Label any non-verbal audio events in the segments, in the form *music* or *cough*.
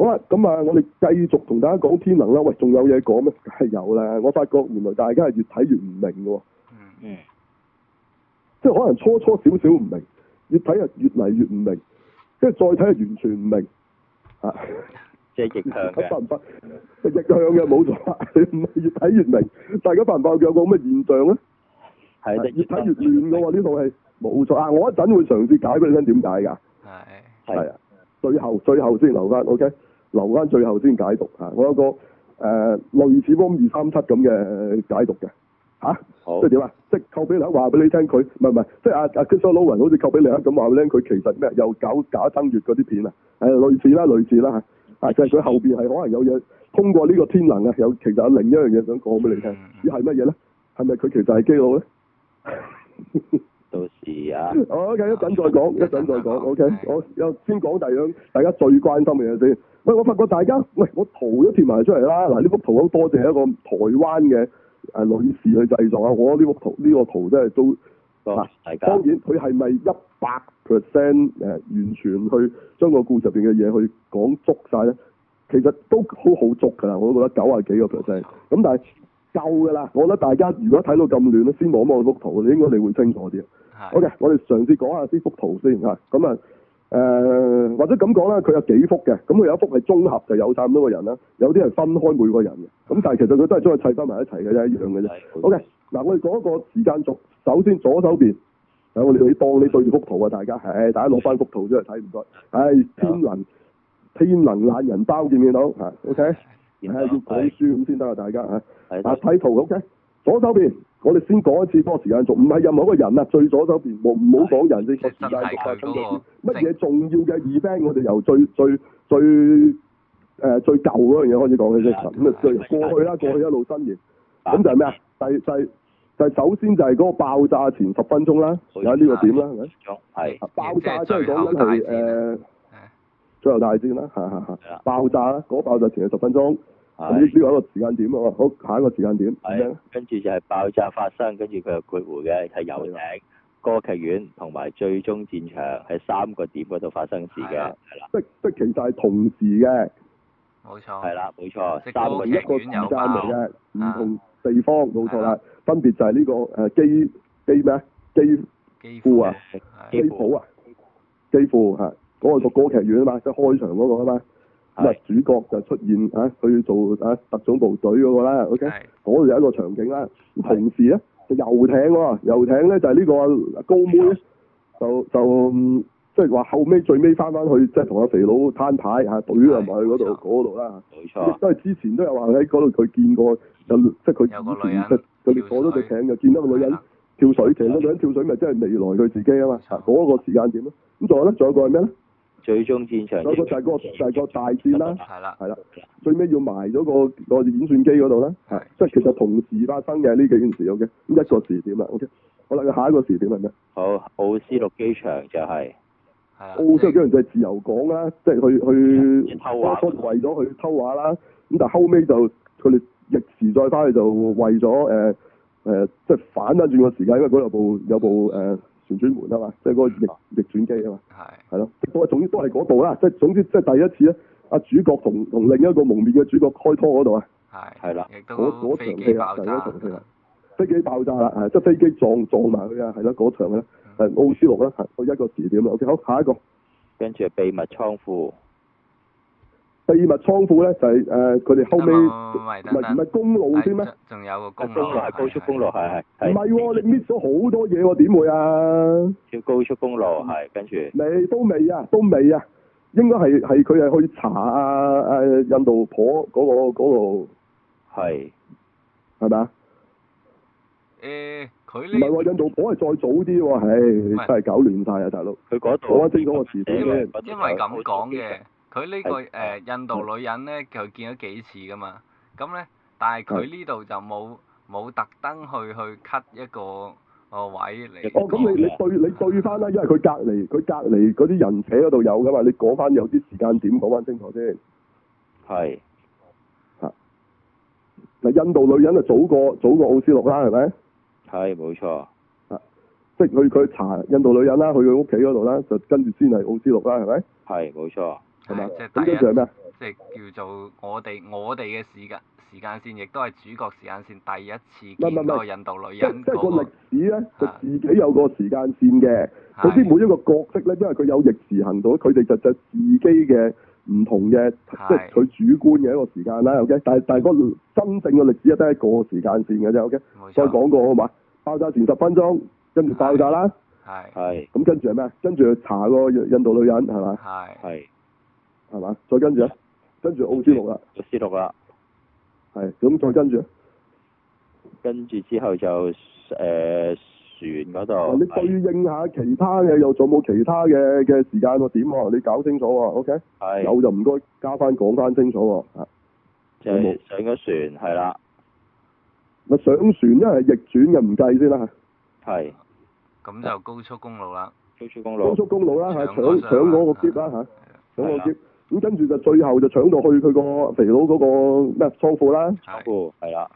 好啦，咁啊，我哋繼續同大家講天能啦。喂，仲有嘢講咩？梗係有啦。我發覺原來大家係越睇越唔明嘅，哦嗯。嗯嗯。即係可能初初少少唔明，越睇啊越嚟越唔明，即係再睇啊完全唔明。啊！即係逆向嘅。發唔發？逆向嘅冇錯，唔係越睇越明。大家發唔發？越越有冇咩現象咧？係啊，越睇越亂嘅呢套戲。冇錯啊！我一陣會嘗試解俾你聽點解噶。係係。最後最後先留翻，OK。留翻最後先解讀嚇，啊，我有個誒類似波二三七咁嘅解讀嘅嚇，即係點啊？即係寇比利克話俾你聽，佢唔係唔係，即係阿阿吉蘇勞雲好似寇比利克咁話咧，佢其實咩又搞假登月嗰啲片啊？係類似啦，類似啦嚇，啊就係佢後邊係可能有嘢通過呢個天能啊，有其實有另一樣嘢想講俾你聽，依係乜嘢咧？係咪佢其實係基佬咧？ *laughs* 到時啊，好、okay，一陣再講，一陣再講，OK，我又先講第一樣大家最關心嘅嘢先。喂，我發覺大家，喂，我圖都貼埋出嚟啦。嗱，呢幅圖好多謝一個台灣嘅誒女士去製作啊。我呢幅圖呢、這個圖真係都嚇，都當然佢係咪一百 percent 誒完全去將個故事入邊嘅嘢去講足晒咧？其實都好好足㗎啦，我都覺得九啊幾個 percent，咁但係夠㗎啦。我覺得大家如果睇到咁亂咧，先望一望幅圖，你應該嚟會清楚啲。好嘅，okay，我哋嘗試講下呢幅圖先嚇，咁啊誒、呃，或者咁講啦，佢有幾幅嘅，咁佢有一幅係綜合，就有差唔多個人啦，有啲係分開每個人嘅，咁但係其實佢都係將佢砌翻埋一齊嘅啫，一樣嘅啫。好、okay，嘅、啊，嗱我哋講一個時間軸，首先左手邊，係、啊、我哋要當你對住幅圖啊，大家，唉、哎，大家攞翻幅圖出嚟睇唔該，唉、哎，天能， *laughs* 天能懶人包，見唔、啊 okay? 見到？嚇，OK，係要講書咁先得啊，大家嚇，啊睇的圖 OK。左手邊，我哋先講一次波時間軸，唔係任何一個人啊，最左手邊，冇唔好講人，你個時間軸乜嘢重要嘅 event，我哋由最最最誒最舊嗰樣嘢開始講起啫。咁啊，最過去啦，過去一路伸延，咁就係咩啊？第就係就係首先就係嗰個爆炸前十分鐘啦，而家呢個點啦，係咪？係爆炸即係講緊係誒最後大戰啦，爆炸啦，爆炸前十分鐘。呢呢有一個時間點啊，好下一個時間點，係跟住就係爆炸發生，跟住佢又攰回嘅，係遊艇、歌劇院同埋最終戰場喺三個點嗰度發生事嘅，係啦，即即其實係同時嘅，冇錯，係啦，冇錯，三個一個時間嚟嘅，唔同地方冇錯啦，分別就係呢個誒機機咩啊機機庫啊，機庫啊，機庫吓，嗰個就歌劇院啊嘛，即開場嗰個啊嘛。主角就出現嚇，去做嚇特種部隊嗰個啦，OK，嗰度有一個場景啦。同時咧，就遊艇喎，遊艇咧就係呢個高妹，就就即係話後尾最尾翻翻去，即係同阿肥佬攤牌嚇，隊埋去嗰度嗰度啦。冇錯。都係之前都有話喺嗰度，佢見過有即係佢以前即佢哋坐咗隻艇，就見到個女人跳水，艇嗰女人跳水咪即係未來佢自己啊嘛，嗰個時間點咯。咁仲有咧，仲有一個係咩咧？最終戰場，嗰個就係嗰個就係個大戰啦。係啦、嗯，係啦的，最尾要埋咗個個演算機嗰度啦。係的，即係其實同時發生嘅呢幾件事。O K，咁一個時點啦。嗯、o、okay、K，好啦，佢下一個時點係咩？好，奧斯陸機場就係、是。奧斯陸機場就係、是、的自由港啦，即係去去，為咗去偷畫啦。咁但係後尾就佢哋逆時再翻去，就為咗誒誒，即係反翻轉個時間，因為嗰度部有部誒。旋轉門啊嘛，即係嗰個逆逆轉機啊嘛，係係咯，都的總之都係嗰度啦，即係總之即係第一次咧、啊，阿主角同同另一個蒙面嘅主角開拖嗰度啊，係係啦，嗰嗰的那場戲啊，第一場戲啦、啊，飛機爆炸啦，係即係飛機撞撞埋佢啊，係咯嗰場嘅啦、啊，係奧、嗯、斯陸啦，係一個時點啦。O K，好，下一個，跟住秘密倉庫。秘密倉庫咧就係誒佢哋後尾，唔係唔係公路先咩？仲有公路，高速公路係係唔係？你搣咗好多嘢喎，點會啊？超高速公路係跟住未，都未啊都未啊，應該係係佢係去查啊誒印度婆嗰個嗰度，係係咪啊？誒佢唔係話印度婆係再早啲喎，係真係搞亂晒啊！大佬，佢講得我講清楚個時點嘅，因為咁講嘅。佢呢個誒印度女人咧，就見咗幾次噶嘛？咁咧，但係佢呢度就冇冇特登去去 cut 一個個位嚟。哦，咁你你對你對翻啦，因為佢隔離佢隔離嗰啲人扯嗰度有噶嘛？你講翻有啲時間點講翻清楚先。係。嚇！嗱，印度女人就早過早過奧斯陸啦，係咪？係，冇錯。啊！即係佢佢查印度女人啦，去佢屋企嗰度啦，就跟住先係奧斯陸啦，係咪？係，冇錯。跟住係咩？係即係第一，即係叫做我哋我哋嘅時間時間線，亦都係主角時間線第一次見個印度女人、嗰個。即係個歷史咧，啊、就自己有個時間線嘅。總之是每一個角色咧，因為佢有逆時行動，佢哋就就自己嘅唔同嘅，即係佢主觀嘅一個時間啦。OK，但係但係嗰真正嘅歷史啊，得一個時間線嘅啫。OK，錯再講過好嘛？爆炸前十分鐘，跟住爆炸啦。係。係。咁跟住係咩啊？跟住去查個印度女人係咪？係。係嘛？再跟住咧，跟住澳珠六啦，就 c 六啦，係咁再跟住，跟住之後就誒船嗰度。你對應下其他嘅，又仲冇其他嘅嘅時間個點啊？你搞清楚啊，OK？有就唔該，加翻講翻清楚。就上咗船，係啦。咪上船咧係逆轉又唔計先啦嚇。係。咁就高速公路啦。高速公路，高速公路啦，係搶搶嗰個接啦嚇，搶嗰接。咁跟住就最後就搶到去佢個肥佬嗰個咩倉庫啦，倉庫係啦，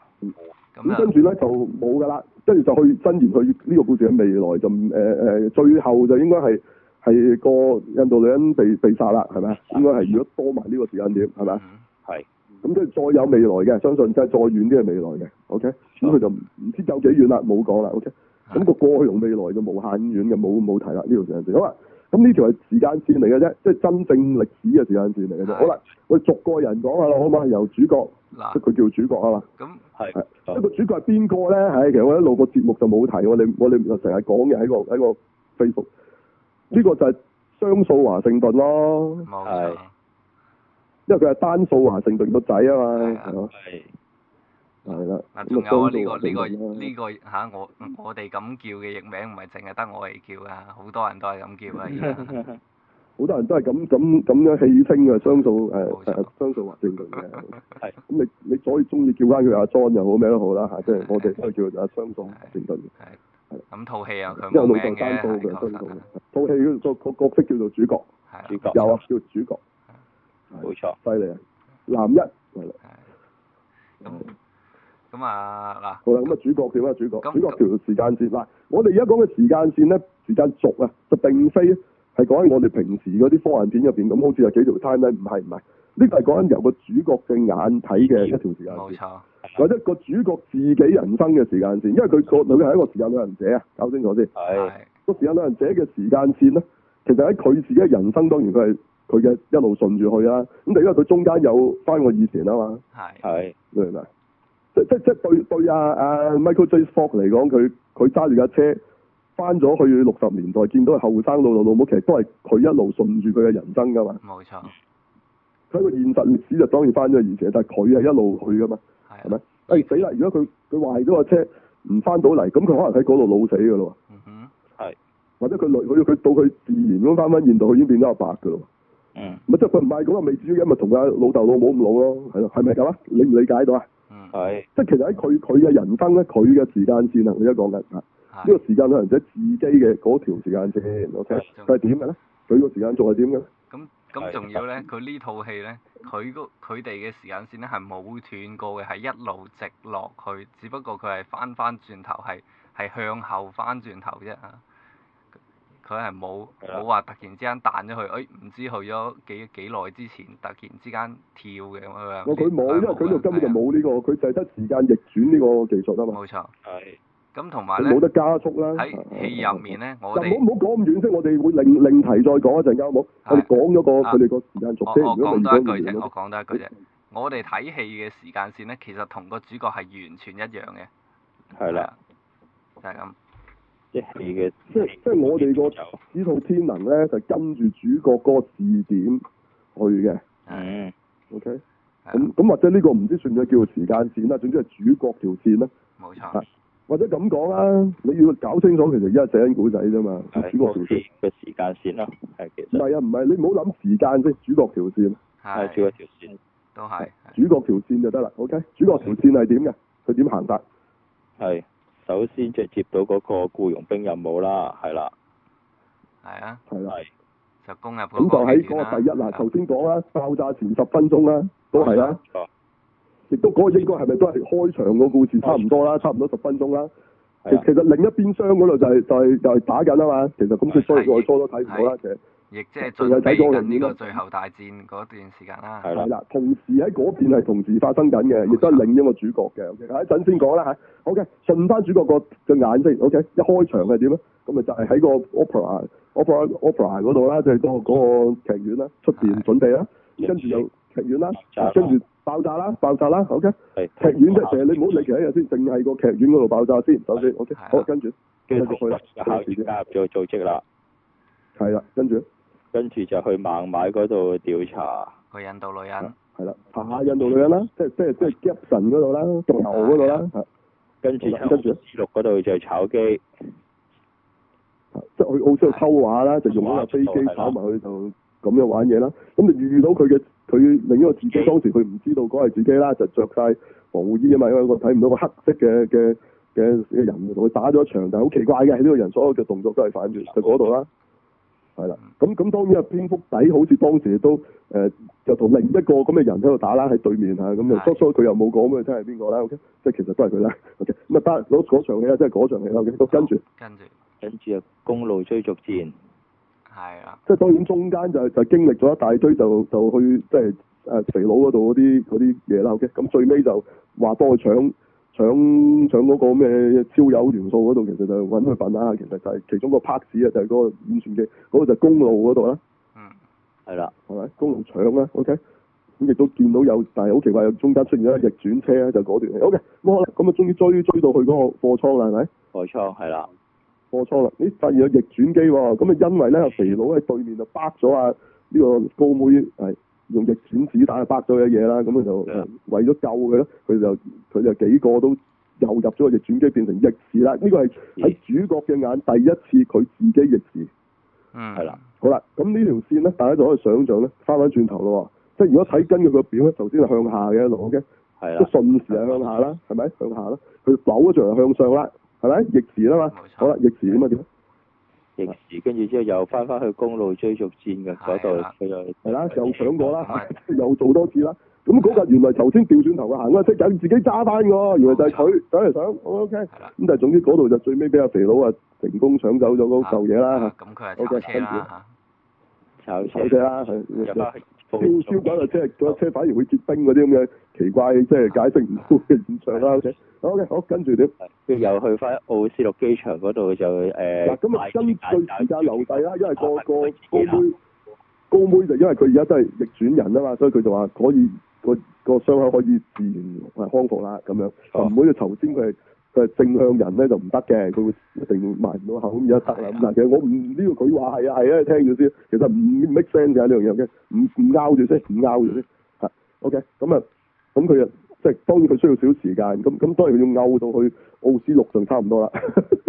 咁跟住咧就冇㗎啦，跟住就去，伸延去呢個故事嘅未來就誒誒、呃、最後就應該係係個印度女人被被殺啦，係咪啊？應該係如果多埋呢個時間點，係咪啊？係的。咁、嗯、跟住再有未來嘅，相信即係再遠啲嘅未來嘅，OK 的。咁佢就唔知走幾遠啦，冇講啦，OK 的。咁個過去同未來就無限遠嘅，冇冇提啦，呢度成件事，好啊。咁呢條係時間線嚟嘅啫，即係真正歷史嘅時間線嚟嘅啫。的好啦，我逐個人講下咯，好，可唔可以由主角，即係佢叫主角啊嘛。咁係啊，一個的、嗯、主角係邊個咧？係，其實我一路個節目就冇提，我哋我哋成日講嘅喺個喺、這個 Facebook，呢、這個這個就係雙數華盛頓咯。係、嗯，的因為佢係單數華盛頓個仔啊嘛。係的。係咯，嗱，仲有呢個呢個呢個吓，我我哋咁叫嘅譯名唔係淨係得我哋叫啊，好多人都係咁叫啊而家，好多人都係咁咁咁樣戲稱嘅雙數誒誒雙數或正對嘅，係，咁你你所以中意叫翻佢阿莊又好咩都好啦吓，即係我哋都叫就阿雙數正對，係，咁套戲又佢咩咧？套戲嗰個嗰角色叫做主角，主角，又或者叫主角，冇錯，犀利啊，男一，係啦，咁。咁啊嗱，咁啊、嗯、那主角點啊主角，那主角條時間線嗱，那我哋而家講嘅時間線咧，時間軸啊，就並非係講喺我哋平時嗰啲科幻片入邊咁，好似有幾條 time line，唔係唔係，呢個係講緊由個主角嘅眼睇嘅一條時間線，錯或者個主角自己人生嘅時間線，錯因為佢個裏面係一個時間旅行者啊，搞清楚先。係是。是個時間旅行者嘅時間線咧，其實喺佢自己嘅人生，當然佢係佢嘅一路順住去啊。咁但因為佢中間有翻個以前啊嘛。係是。係是。明唔明？即即即對對阿阿 Michael J Fox 嚟講，佢佢揸住架車翻咗去六十年代，見到後生老老老母，其實都係佢一路順住佢嘅人生㗎嘛。冇錯，佢個現實歷史就當然翻咗以前，但係佢係一路去㗎嘛，係咪？誒死啦！如果佢佢壞咗架車，唔翻到嚟，咁佢可能喺嗰度老死㗎咯。嗯哼，係。或者佢老，佢佢到佢自然咁翻返現代，佢已經變咗阿伯㗎咯。嗯。咪即佢唔係講話未至於因咪同個老豆老母咁老咯，係咯，係咪咁啊？理唔理解到啊？佢、嗯、即係其實喺佢佢嘅人生咧，佢嘅時間線啊，我而家講緊啊，呢個時間咧係指自己嘅嗰條時間線。OK，佢係點嘅咧？佢個時間仲係點嘅？咁咁仲要咧？佢呢套的戲咧，佢佢哋嘅時間線咧係冇斷過嘅，係一路直落去。只不過佢係翻翻轉頭，係係向後翻轉頭啫。佢係冇冇話突然之間彈咗去，誒唔知去咗幾幾耐之前，突然之間跳嘅咁樣。佢冇，因為佢根本就冇呢個，佢就係得時間逆轉呢個技術得嘛。冇錯。係。咁同埋咧。冇得加速啦。喺戲入面咧，我哋，就好唔好講咁遠，即我哋會另另題再講一陣間，好？我哋講咗個佢哋個時間軸。我講多一句啫，我講多一句啫。我哋睇戲嘅時間線咧，其實同個主角係完全一樣嘅。係啦。就係咁。即係即係我哋個指兔天能呢，就跟住主角嗰個字典去嘅。嗯。O K。咁咁或者呢個唔知算唔算叫做時間線啦，總之係主角條線啦。冇錯。或者咁講啦，你要搞清楚，其實而家係寫緊古仔啫嘛，主角條線嘅時間線啦。係其實。唔係啊，唔係你唔好諗時間先，主角條線。係。主角條線都係主角條線就得啦。O K，主角條線係點嘅？佢點行法？係。首先接接到嗰個僱傭兵任務啦，係啦，係啊的，係啦的，就攻入咁就喺嗰個第一啦，頭先講啦，爆炸前十分鐘啦，都係啦，亦的、啊、都嗰個應該係咪都係開場個故事場差唔多啦，差唔多十分鐘啦，的其其實另一邊廂嗰度就係、是、就係、是、就係、是、打緊啊嘛，其實咁即係再再再疏都睇唔到啦，其實。亦即係最近呢個最後大戰嗰段時間啦，係啦。同時喺嗰邊係同時發生緊嘅，亦都係另一個主角嘅。O K，一陣先講啦嚇。O K，順翻主角個隻眼先。O K，一開場係點啊？咁咪就係喺個 opera，opera，opera 嗰度啦，即係嗰個嗰個劇院啦，出邊準備啦。跟住就劇院啦，跟住爆炸啦，爆炸啦。O K，劇院即係成日你唔好理其他嘢先，淨係個劇院嗰度爆炸先，首先。O K，好跟住。跟住繼續去啦，下邊加入做組織啦。係啦，跟住。跟住就去孟買嗰度調查個、 *noise* 啊啊、印度女人，係啦，嚇印度女人啦，即即即吉普神嗰度啦，印度嗰度啦，跟住跟住六嗰度就炒機，即去澳洲偷畫啦，啊、就用咗架飛機跑埋去就咁樣玩嘢啦、啊。咁就、啊嗯、遇到佢嘅佢另一個自己，啊、當時佢唔知道嗰係自己啦，就着晒防護衣啊嘛，因為我睇唔到個黑色嘅嘅嘅人同佢打咗一場，但好奇怪嘅，喺、這、呢個人所有嘅動作都係反轉，就度啦。係啦，咁咁當然啊，蝙蝠仔好似當時都誒，就同另一個咁嘅人喺度打啦，喺對面嚇，咁就所以佢又冇講佢真係邊個啦，OK，即係其實都係佢啦，OK，唔係得攞嗰場戲啦，即係嗰場戲啦咁 k 跟住跟住跟住啊，公路追逐戰係啦，即係當然中間就就經歷咗一大堆，就就去即係誒肥佬嗰度嗰啲啲嘢啦，OK，咁最尾就話幫佢搶。搶搶嗰個咩超鈾元素嗰度，其實就揾佢搵啦。其實就係其中一個拍子啊，就係、是、嗰個五算機嗰個就公路嗰度啦。嗯，係啦，係咪公路搶啦 OK 咁亦都見到有，但係好奇怪有中間出現一個逆轉車咧，就嗰、是、段。OK，好啦，咁啊終於追追到去嗰個貨倉啦，係咪？貨倉係啦，貨倉啦，咦？發現有逆轉機、哦，咁啊因為咧肥佬喺對面就 back 咗啊呢個高妹。係。用逆轉子彈啊，打咗佢一嘢啦，咁佢就為咗救佢咯，佢就佢就幾個都又入咗個逆轉機，變成逆時啦。呢個係喺主角嘅眼第一次佢自己逆時。嗯，係啦的。好啦，咁呢條線咧，大家就可以想像咧，翻返轉頭咯。即係如果睇跟住佢個表咧，頭先係向下嘅一路，OK 的。係啦。即係順時係向下啦，係咪？向下啦。佢扭咗就向上啦，係咪？逆時啦嘛。嗯、好啦，逆時點啊？刑跟住之後又翻翻去公路追逐戰嘅嗰度，佢又係啦，又搶過啦，呀又做多次啦。咁嗰架原來頭先掉轉頭嘅行嗰架車又要自己揸翻嘅喎，嗯、原來就係佢走嚟搶，O，K、嗯。咁但係總之嗰度就最尾俾阿肥佬啊成功搶走咗嗰嚿嘢啦嚇。咁佢係揸車啦、啊、嚇。就死、是、啦！入翻燒燒滾嘅車，嗰、那、架、個、車反而會結冰嗰啲咁樣。奇怪，即係解釋唔到嘅現象啦，OK，好、okay, 嘅、okay, okay,，好，跟住點，又去翻奧斯陸機場嗰度就誒。嗱、呃，咁啊，根據時間留底啦，因為個、啊、個高妹，高妹,高妹就因為佢而家都係逆轉人啊嘛，所以佢就話可以個個傷口可以自然係康復啦咁樣，唔會在頭先佢係佢係正向人咧就唔得嘅，佢會一定埋唔到口而家得啦。嗱，其實我唔呢、這個佢話係啊係啊，聽住先，其實唔 make sense 嘅呢樣嘢，唔唔拗住先，唔拗住先，嚇，OK，咁啊。 *laughs* *laughs* 咁佢又即係當然佢需要少少時間，咁咁當然要摳到去奧斯陸就差唔多啦，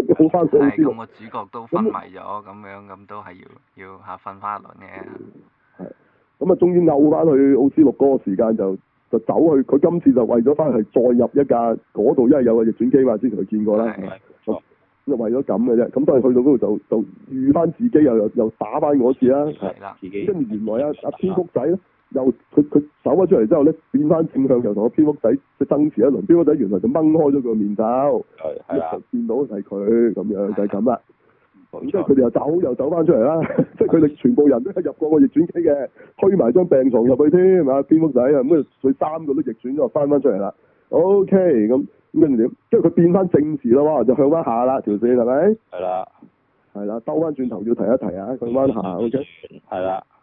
摳翻去奧斯陸。個主角都昏迷咗，咁樣咁都係要要吓瞓翻一輪嘅。係。咁啊，終於摳翻去奧斯陸嗰個時間就就走去，佢今次就為咗翻去再入一架嗰度，因為有個逆轉機嘛，之前佢見過啦。係。哦。就為咗咁嘅啫，咁都係去到嗰度就就預翻自己又有又打翻次啦。係啦，自己。因為原來阿阿天谷仔咧。又佢佢走咗出嚟之後咧，變翻正向，又同個蝙蝠仔佢爭持一輪。蝙蝠仔原來就掹開咗佢個面罩，係係啦，見到係佢咁樣就係咁啦。咁即係佢哋又走又走翻出嚟啦。即係佢哋全部人都係入過個逆轉機嘅，推埋張病床入去添，係蝙蝠仔咁啊，佢三個都逆轉咗，翻翻出嚟啦。OK，咁咁跟住點？跟住佢變翻正時啦，哇！就向翻下啦，條線係咪？係啦，係啦的，兜翻轉頭要提一提，一提啊，向翻下 OK，係啦。 *laughs*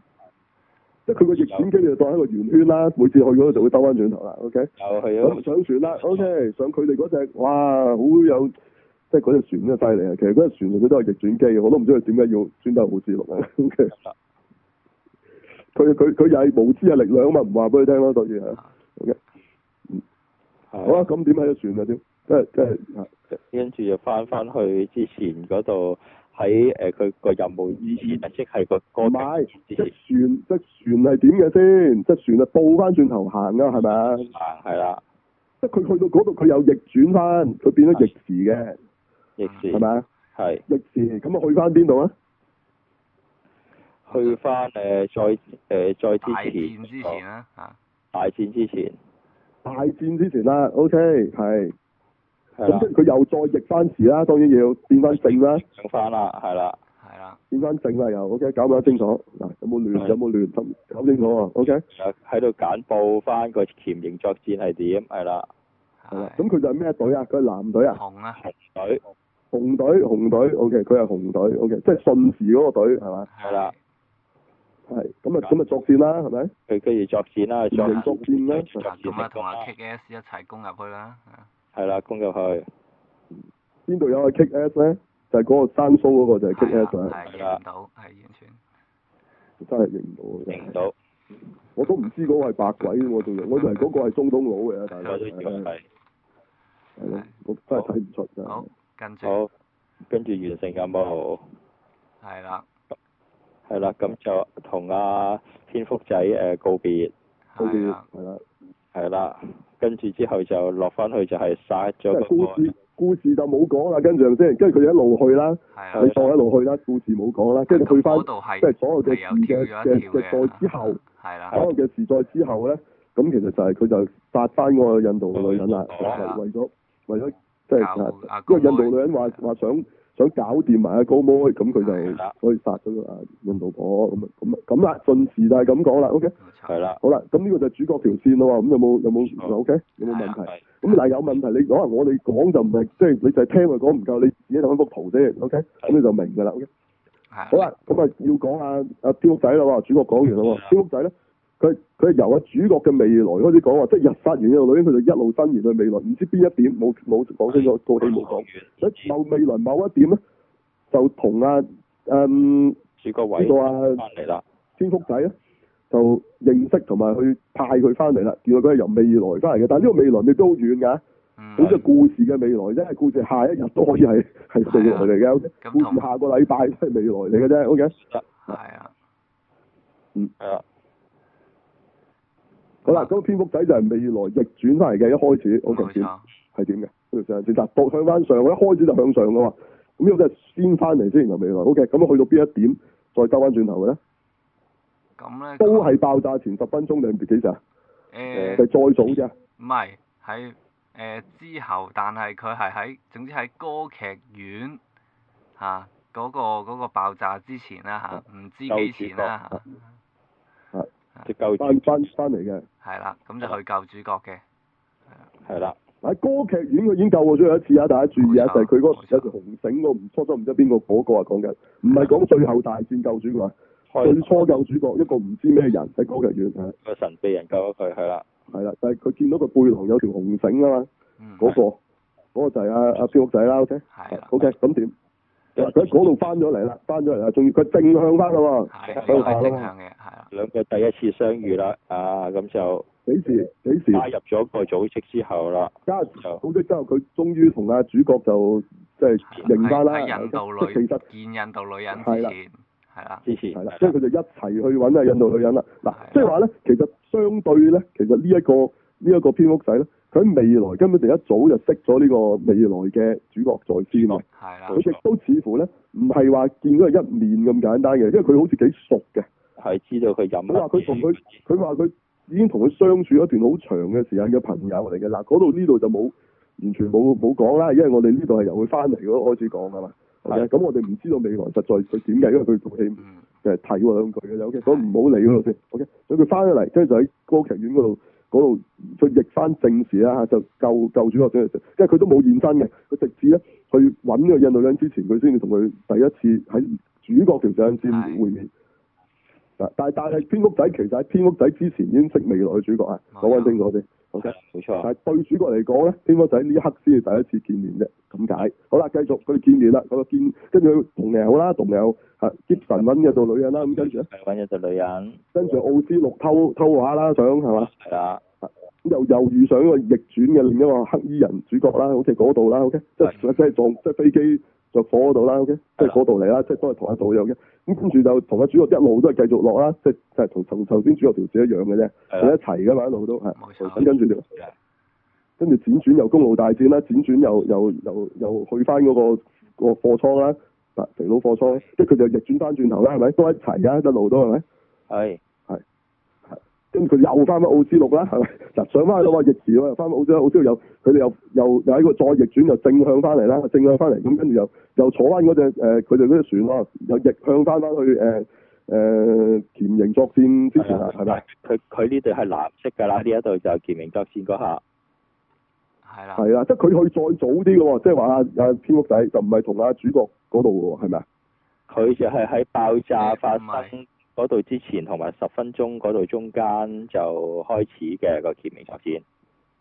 即係佢個逆轉機就當係一個圓圈啦，每次去嗰度就會兜翻轉頭啦。O K，係啊，上船啦。O K，上佢哋嗰隻，哇，好有，即係嗰隻船真係犀利啊！其實嗰隻船佢都係逆轉機，我都唔知佢點解要轉到無知龍啊。O K，佢佢佢又係無知嘅力量嘛，唔話俾你聽咯，當然係。O K，好啊，咁點係隻船啊？點，即係即係。跟住就翻翻去之前嗰度。喺誒佢個任務意意目的係個，唔係，即船即船係點嘅先？即船啊，倒翻轉頭行㗎係咪啊？行係啦，即佢去到嗰度佢有逆轉翻，佢變咗逆時嘅，逆時係咪啊？係逆時咁啊，去翻邊度啊？去翻誒、呃、再誒、呃、再之前，大戰之前啦、啊、嚇，大戰之前，大戰之前啦，OK 係。OK。咁即係佢又再逆翻時啦，當然要變翻正啦。變翻啦，係啦，係啦，變翻正啦又。OK，搞冇得清楚？嗱，有冇亂？有冇亂？搞清楚啊。OK。喺度簡報翻個鉗形作戰係點？係啦，咁佢就係咩隊啊？佢係藍隊啊？紅啊，紅隊。紅隊，紅隊。OK，佢係紅隊。OK，即係順時嗰個隊係嘛？係啦。係。咁啊，咁啊，作戰啦，係咪？佢既然作戰啦，作戰啦，作戰啦，同阿 K S 一齊攻入去啦。係啦， *music* 攻入去。邊度有阿 Kick Ass 咧？就係、是、嗰個山蘇嗰個就係 Kick、F、S 啦、啊。係啦，認唔到，係完全。真係認唔到。認唔不到、啊。我都唔知嗰個係白鬼，我仲我仲以為嗰個係中東佬嘅，大家、就是欸、都認為係。係咯、啊，真係睇唔出好，的好，跟住。好，跟住完成咁任好，係啦、啊。係啦，咁就同阿天福仔誒告別別。係啦、啊。係啦、啊。跟住之後就落翻去就係殺咗故事，故事就冇講啦。跟住先，跟住佢一路去啦，係坐一路去啦。故事冇講啦，跟住去翻度係，即係所有嘅時嘅嘅嘅代之後，所有嘅時代之後咧，咁其實就係佢就殺翻嗰個印度嘅女人啦，係為咗為咗即係嗱，嗰個印度女人話話想。想搞掂埋阿高妹，咁佢就可、是、以的殺咗阿印度婆咁啊，咁啊，咁啦，順時就係咁講啦，OK，係啦的，好啦，咁呢個就主角條線咯喎，咁有冇有冇好？OK，有冇問題？咁的但係有問題，你可能我哋講就唔係，即係你就係聽佢講唔夠，你自己睇翻幅圖先。OK，咁你就明㗎啦，OK，的好啦，咁啊要講阿阿雕屋仔啦喎，主角講完啦喎，雕屋仔咧。的佢佢係由阿主角嘅未來開始講話，即係日發完嗰個女，佢就一路伸延去未來，唔知邊一點冇冇講清楚套戲冇講，就，嗯嗯、未來某一點咧，就同阿，啊、嗯主角位就阿千福仔咧，就認識同埋去派佢翻嚟啦。原來佢係由未來翻嚟嘅，但係呢個未來亦都好遠噶，咁即係故事嘅未來啫，故事下一日都可以係係，嗯、是未來嚟嘅，故事下個禮拜都係未來嚟嘅啫。OK，係啊，嗯，係啊、嗯。嗯嗯好啦，咁蝙蝠仔就係未來逆轉翻嚟嘅，一開始，好定點？係點嘅？呢條線先，嗱，倒向翻上，一開始就向上噶嘛。咁呢個先翻嚟先，又未來。OK，咁去到邊一點再兜翻轉頭嘅咧？咁咧、嗯、都係爆炸前十分鐘定幾時啊？誒、嗯，就、呃、再早啫。唔係喺誒之後，但係佢係喺，總之喺歌劇院嚇嗰、啊嗰個嗰個爆炸之前啦嚇，唔、啊啊、知幾前啦嚇。啊啊即救翻翻翻嚟嘅，係啦，咁就去救主角嘅，係啦的，喺的歌劇院佢已經救過咗一次啊，大家注意啊，家就係佢嗰時有條紅繩喎，唔錯都唔知邊個嗰個啊講緊，唔係講最後大戰救主角，口最初救主角一個唔知咩人喺歌劇院，個神秘人救咗佢，係啦，係啦，但係佢見到個背囊有條紅繩啊嘛，嗰、嗯嗰個，嗰的個就係阿阿蝙蝠仔啦，好嘅，OK 咁點？啊啊啊的佢喺嗰度翻咗嚟啦，翻咗嚟啦，仲要佢正向翻咯喎，佢唔係逆向嘅，係啊，兩個第一次相遇啦，啊咁就幾時幾時加入咗個組織之後啦，加入組織之後佢終於同阿主角就即係認翻啦，即係其實見印度女人之前，係啦之前係啦，所以佢就一齊去揾阿印度女人啦，嗱，即係話咧，其實相對咧，其實呢一個呢一個編劇咧。佢未來根本第一早就識咗呢個未來嘅主角在先咯。係啦。佢亦都似乎咧，唔係話見佢一面咁簡單嘅，因為佢好似幾熟嘅。係知道佢咁。佢話：佢同佢，佢話佢已經同佢相處一段好長嘅時間嘅朋友嚟嘅。嗱、啊，嗰度呢度就冇完全冇冇講啦，因為我哋呢度係由佢翻嚟嗰度開始講㗎嘛。係啊，咁的、okay? 我哋唔知道未來實在佢點解，因為佢讀起就睇嗰兩句嘅 OK，咁唔好理嗰度先。OK，咁佢翻咗嚟，跟、okay? 住的、okay? 就喺、是、歌劇院嗰度。嗰度去逆翻正事啦，就救救主角先，因為佢都冇現身嘅。佢直至咧去搵呢個印度人之前，佢先至同佢第一次喺主角同上角之會面。嗱是，但係但係蝙蝠仔其實喺蝙蝠仔之前已經識未來嘅主角啊，講清楚先。冇 Okay. 錯。但係對主角嚟講咧，應該係呢一刻先係第一次見面啫，咁解。好啦，繼續佢哋見面啦。佢、那、啊、個、見，跟住佢同你好啦，同你好，係接神揾嘅做女人啦。咁跟住咧，揾嘢做女人。跟住奧斯陸偷偷畫啦，想係嘛？係啦、啊啊。又又遇上個逆轉嘅另一個黑衣人主角啦，好似嗰度啦，O K。即係即係撞即係飛機。就火嗰度啦，O K，即係嗰度嚟啦，即係都係同一導一樣嘅。咁跟住就同阿主角一路都係繼續落啦，即係即係同同頭先主角條線一樣嘅啫，係 Right. 一齊噶嘛一路都係。咁錯、嗯、跟住點？的跟住輾轉又公路大戰啦，輾轉又又又又去翻、那、嗰個、那個貨倉啦，啊，肥佬貨倉，即係佢就逆轉翻轉頭啦，係咪都一齊噶，一路都係咪？係。Right. 跟住佢又翻翻澳斯陸啦，係咪？嗱，上翻去疫到嘛，逆時又翻翻澳斯澳斯度又，佢哋又又又喺個再逆轉又正向翻嚟啦，正向翻嚟，咁跟住又又坐翻嗰隻誒，佢哋隻船咯，又逆向翻翻去誒誒潛形作戰之前係咪？佢佢呢度係藍色噶啦，呢一度就潛形作戰嗰下，係啦，係啦，即係佢去再早啲嘅，即係話阿阿天屋仔就唔係同阿主角嗰度嘅，係咪啊？佢就係喺爆炸發生。嗰度之前同埋十分鐘嗰度中間就開始嘅個鉗形作戰，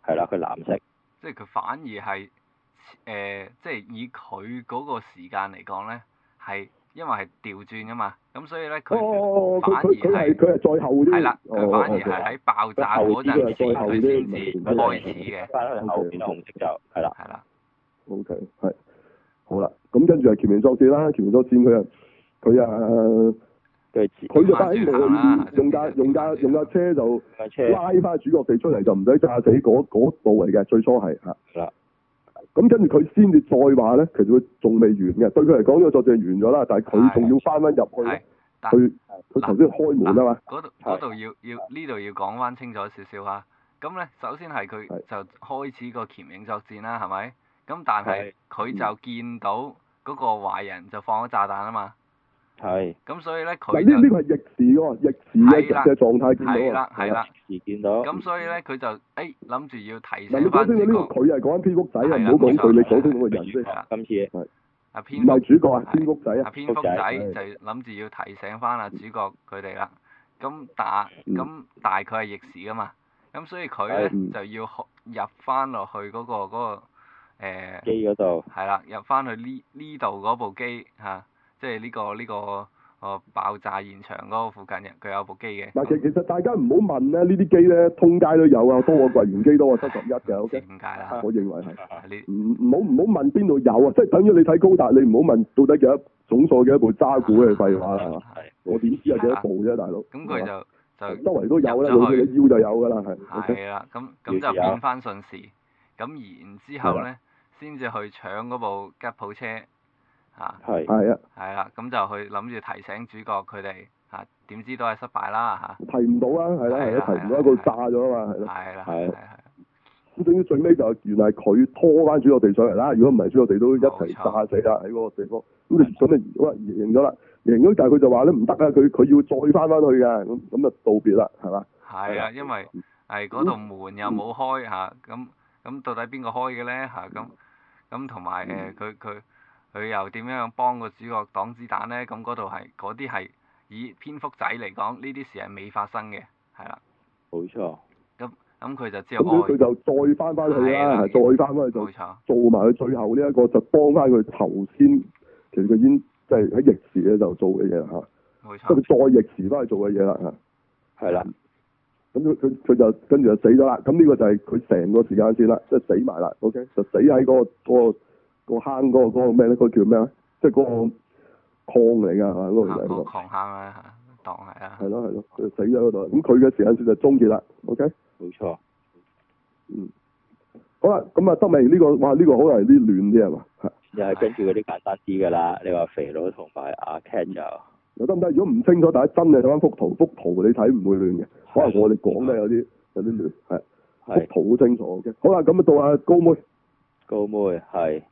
係啦，佢 *music* 藍色，即係佢反而係誒、呃，即係以佢嗰個時間嚟講咧，係因為係調轉啊嘛，咁所以咧佢反而係佢係再後啲，係啦，佢反而係喺爆炸嗰陣時佢先至開始嘅，後邊紅色就係、是、啦，係、yes、啦，OK，係了好啦，咁跟住係鉗形作戰啦，鉗形作戰佢啊佢啊。 *music* 佢就架喺度用架用架用架車就拉翻主角地出嚟，就唔使炸死嗰部嚟嘅，最初係吓，啦，咁跟住佢先至再話咧，其實佢仲未完嘅，對佢嚟講呢個作戰完咗啦，但係佢仲要翻翻入去，但係佢佢頭先開門啦嘛，嗰度要要呢度要講翻清楚少少吓，咁咧首先係佢就開始個鉗影作戰啦，係咪？咁但係佢就見到嗰個壞人就放咗炸彈啊嘛。係，咁所以咧佢啊，呢呢個係逆時噶喎，逆時嘅狀態見到，係啦，係啦，逆時見到。咁所以咧，佢就誒諗住要提醒翻。嗱，你先講呢個佢啊，講翻蝙蝠仔啊，唔好講佢，你講啲咁嘅人先。係啦，今次係。阿蝙，唔係主角啊，蝙蝠仔啊。蝙蝠仔就諗住要提醒翻啊主角佢哋啦。咁大咁大概係逆時噶嘛？咁所以佢咧就要入翻落去嗰個嗰個誒機嗰度。係啦，入翻去呢呢度嗰部機吓。即係呢個呢個個爆炸現場嗰個附近嘅，佢有部機嘅。但其其實大家唔好問啦，呢啲機咧通街都有啊，多過櫃員機多過七十一嘅，OK？點解啦？我認為係。唔唔好唔好問邊度有啊，即係等於你睇《高達》，你唔好問到底幾多總數幾多部渣古嘅廢話係我點知有幾多部啫，大佬？咁佢就就周圍都有啦，要就有㗎啦，係。係啦，咁咁就講翻順時，咁然之後咧，先至去搶嗰部吉普車。啊，係，係啊，係啦，咁就去諗住提醒主角佢哋，啊，點知都係失敗啦吓，提唔到啦，係啦，一提唔到佢炸咗嘛，係啦，係啦，咁終最尾就原嚟佢拖翻主角地上嚟啦，如果唔係主角地都一齊炸死啦喺嗰個地方，咁你準備哇贏咗啦，贏咗但係佢就話咧唔得啊，佢佢要再翻翻去嘅，咁咁就道別啦，係嘛？係啊，因為係嗰度門又冇開吓，咁咁到底邊個開嘅咧吓咁，咁同埋誒佢佢。佢又點樣幫個主角擋子彈咧？咁嗰度係嗰啲係以蝙蝠仔嚟講，呢啲事係未發生嘅，係啦。冇錯。咁咁佢就之後。佢就再翻翻去啦，的再翻翻去錯做。做埋佢最後呢一個，就幫翻佢頭先其實佢已經即係喺逆時咧就做嘅嘢啦嚇。冇錯。佢再逆時翻去做嘅嘢啦嚇。係啦。咁佢佢佢就跟住就死咗啦。咁呢個就係佢成個時間線啦，即係死埋啦。OK，就死喺嗰個嗰個。嗰個個坑嗰個個咩咧？嗰叫咩啊？即係嗰個礦嚟噶，吓嗰個。個礦坑啊，礦係啊。係咯係咯，佢死咗喺度。咁佢嘅時間線就終結啦。OK。冇錯。嗯。好啦，咁啊，得明呢個，哇，呢個可能有啲亂啲係嘛？又係跟住嗰啲簡單啲噶啦。你話肥佬同埋阿 Ken 就。又得唔得？如果唔清楚，但係真係睇返幅圖，幅圖你睇唔會亂嘅。可能我哋講咧有啲有啲亂，係幅圖好清楚嘅。好啦，咁啊到阿高妹。高妹係。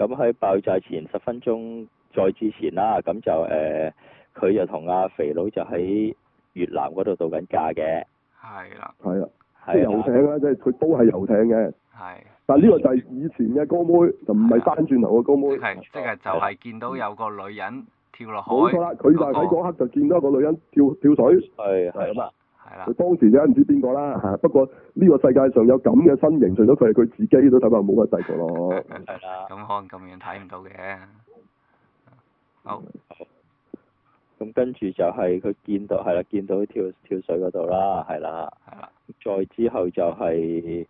咁喺爆炸前十分鐘再之前啦，咁就誒佢、呃、就同阿肥佬就喺越南嗰度度緊假嘅。係啦的。係啦的，即係遊艇啦，即係佢都係遊艇嘅。係。但係呢個就係以前嘅歌妹，就唔係翻轉頭嘅歌妹。的的即係即係就係見到有個女人跳落海。冇錯啦，佢就喺嗰刻就見到一個女人跳跳水。係係咁啊！佢 *music* 當時就唔知邊個啦嚇，不過呢、這個世界上有咁嘅身形，除咗佢係佢自己都睇法冇乜細個咯。係啦，咁可能咁樣睇唔到嘅。好。咁一一、嗯、跟住就係佢見到，係、嗯、啦，見到跳跳水嗰度啦，係啦。係啊。再之後就係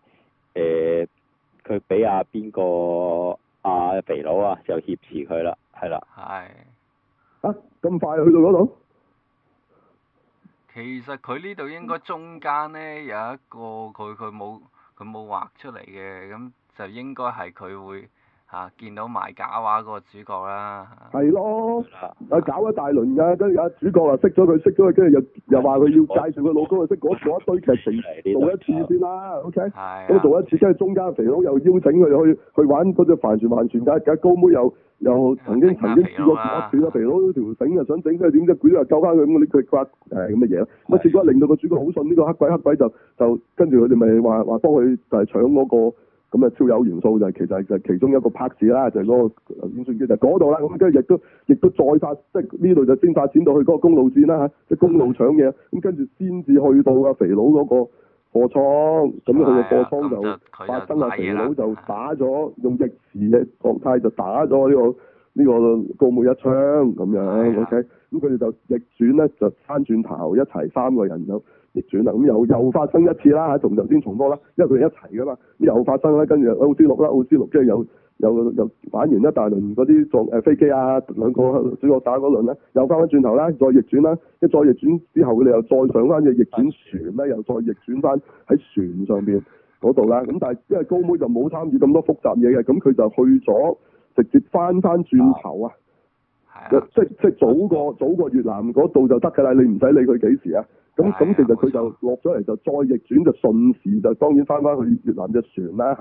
誒，佢俾阿邊個阿肥佬啊，就挾持佢啦，係啦。係。啊！咁快去到嗰度？其實佢呢度應該中間咧有一個佢佢冇佢冇畫出嚟嘅，咁就應該係佢會。吓，見到賣假畫嗰個主角啦，係咯，啊搞一大輪㗎，跟住阿主角話識咗佢，識咗佢，跟住又又話佢要介紹佢老公去識嗰一堆劇情做一次先啦，OK，咁做一次，跟住中間肥佬又邀請佢去去玩嗰隻帆船，帆船，㗎㗎高妹又又曾經曾經試過斷咗肥佬條繩，又想整，跟住點啫？佢又救返佢咁嘅呢個誒咁嘅嘢咁，啊結果令到個主角好信呢個黑鬼，黑鬼就就跟住佢哋咪話話幫佢就係搶嗰個。咁啊，超有元素就係其實就係其中一個拍子啦，就係、是、嗰、那個點算機就嗰度啦。咁跟住亦都亦都再發，即係呢度就先發展到去嗰個公路線啦嚇，即、就、係、是、公路搶嘢。咁跟住先至去到啊肥佬嗰個貨倉，咁佢個貨倉就發生啊肥佬就打咗用逆時嘅狀態就打咗呢、這個呢、這個高妹一槍咁樣。的 OK，咁佢哋就逆轉咧，就翻轉頭一齊三個人就。逆轉啊！咁、嗯、又又發生一次啦吓，同頭先重播啦，因為佢哋一齊噶嘛，咁又發生啦，跟住奧斯陸啦，奧斯陸即係又又又玩完一大輪嗰啲撞誒飛機啊，兩個主角打嗰輪啦，又翻翻轉頭啦，再逆轉啦，一再逆轉之後佢哋又再上翻隻逆轉船啦，又再逆轉翻喺船上邊嗰度啦。咁、嗯、但係因為高妹就冇參與咁多複雜嘢嘅，咁佢就去咗直接翻翻轉頭啊，啊即即早過早過越南嗰度就得噶啦，你唔使理佢幾時啊。咁咁其實佢就落咗嚟就再逆轉就順時就當然翻翻去越南隻船啦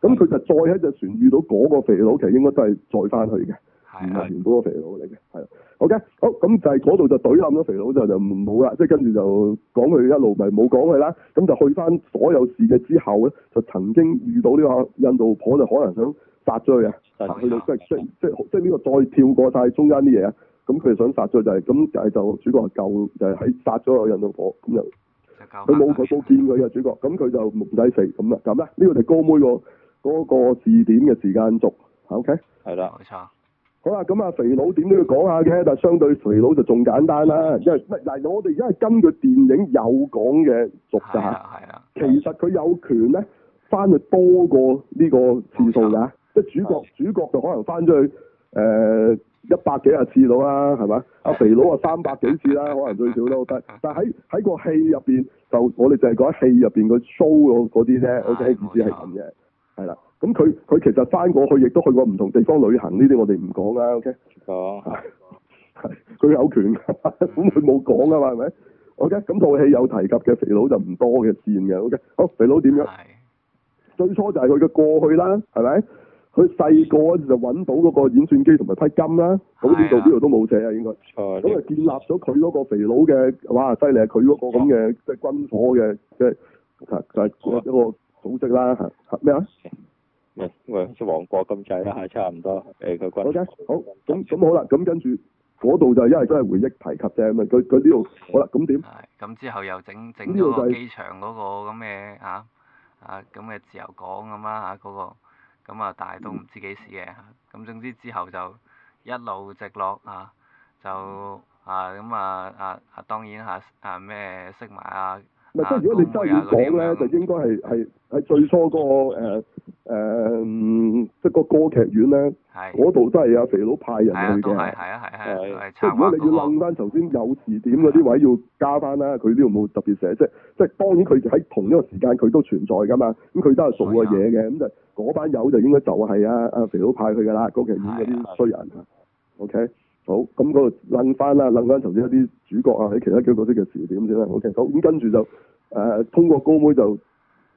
嚇，咁佢就再喺隻船遇到嗰個肥佬，其實應該的都係再翻去嘅，唔係嗰個肥佬嚟嘅。係，OK，好，咁就係嗰度就懟冧咗肥佬就就唔好啦，即係跟住就講佢一路咪冇講佢啦，咁就去翻所有事嘅之後咧，就曾經遇到呢個印度婆就可能想殺咗殺了 到啊，去到即係即即即呢個再跳過晒中間啲嘢啊。咁佢想殺咗就係，咁就係就主角係救，就係、是、喺殺咗個人老婆，咁就佢冇佢冇見佢啊！主角，咁佢就唔使死咁啊，咁啦，呢個就哥妹個嗰、那個字典嘅時間軸 o k 係啦，冇、OK? 錯。好啦，咁啊肥佬點都要講下嘅，但係相對肥佬就仲簡單啦，因為乜？嗱，我哋而家係根據電影有講嘅軸㗎嚇，係啊其實佢有權咧翻去多過呢個次數㗎，的即係主角的主角就可能翻咗去誒。呃一百幾廿次到啦，係咪？阿肥佬啊，三百幾次啦，可能最少都得。但係喺喺個戲入邊，就我哋就係講喺戲入邊個 show 嗰嗰啲啫。O K，唔知係咁嘅。係啦、啊。咁佢佢其實翻過去亦都去過唔同地方旅行呢啲，我哋唔講啦 O K，講，佢、okay？啊啊、 *laughs* 有權噶，咁佢冇講啊嘛，係咪？O K，咁套戲有提及嘅肥佬就唔多嘅，自然嘅。O K，好，肥佬點樣？的最初就係佢嘅過去啦，係咪？佢細個就揾到嗰個演算機同埋批金啦，好似度呢度都冇寫啊，應該。錯。咁就建立咗佢嗰個肥佬嘅，哇犀利佢嗰個咁嘅即係軍火嘅即係就係一個組織啦。嚇咩啊？喂喂，啲黃貨咁濟啦，差唔多。誒，佢軍。好嘅。好，咁咁好啦，咁跟住嗰度就因為都係回憶提及啫嘛。佢佢呢度好啦，咁點？咁之後又整整咗個機場嗰個咁嘅嚇，啊咁嘅自由港咁啦嚇嗰個。咁啊，但係都唔知幾時嘅，咁總之之後就一路直落啊，就啊咁啊啊啊當然嚇啊咩識買啊～啊即係、啊啊、如果你真係要講咧，就應該係係係最初、嗰個誒誒、呃嗯嗯、即係個歌劇院咧，嗰度、啊、真係阿肥佬派人去嘅，係啊啊係啊即係、嗯、不如果你要諗翻頭先有字典嗰啲位要加翻啦，佢呢度冇特別寫，即即係當然佢喺同一個時間佢都存在噶嘛，咁佢都係做過嘢嘅，咁就嗰班友就應該就係啊阿肥佬派去㗎啦，歌劇院嗰啲衰人、啊嗯，OK。好，咁嗰度拎翻啦，拎翻頭先一啲主角啊，喺其他幾個角色嘅字點先啦。OK，好，咁跟住就誒、呃、通過高妹就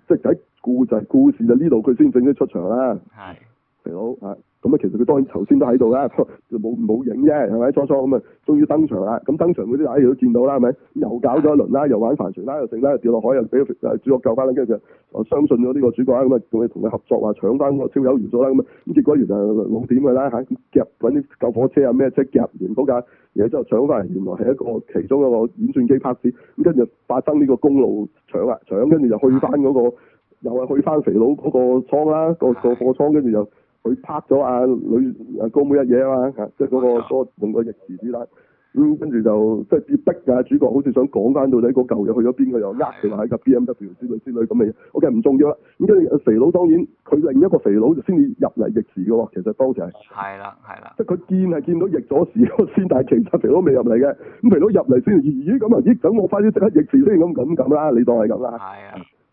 即係喺故仔故事就呢度佢先正式出場啦。係的，肥佬。嚇。咁啊，其實佢當然頭先都喺度啦，就冇冇影啫，係咪？初初咁啊，終於登場啦。咁登場嗰啲啊，大家都見到啦，係咪？又搞咗一輪啦，又玩帆船啦，又剩啦，掉落海又俾主角救翻啦。跟住就我相信咗呢個主角啦，咁啊，同佢合作話搶翻個超有元素啦。咁啊，咁結果原來老點嘅啦嚇，咁、啊、夾啲救火車啊咩即係夾完嗰架嘢之後，然後，然後搶翻嚟，原來係一個其中一個演算機拍子。咁跟住就發生呢個公路搶啊搶，跟住就去翻嗰、嗰個又係去翻肥佬嗰個倉啦，嗰個、嗰個貨倉跟住就。佢拍咗阿、啊、女阿哥、啊、妹一嘢啊嘛，即係嗰、嗰個多 *music* 用個逆時子彈，咁跟住就即係逼啊主角，好似想講翻到底個舊嘢去咗邊，佢又呃佢話喺架 B M W 之類之類咁嘅嘢，我嘅唔重要啦，咁跟住肥佬當然佢另一個肥佬就先至入嚟逆時嘅喎，其實當時係，係啦係啦，即係佢見係見到逆咗時個先，但係其實肥佬未入嚟嘅，咁肥佬入嚟先咦咁啊咦，等我快啲即刻逆時先咁咁咁啦，你當係咁啦。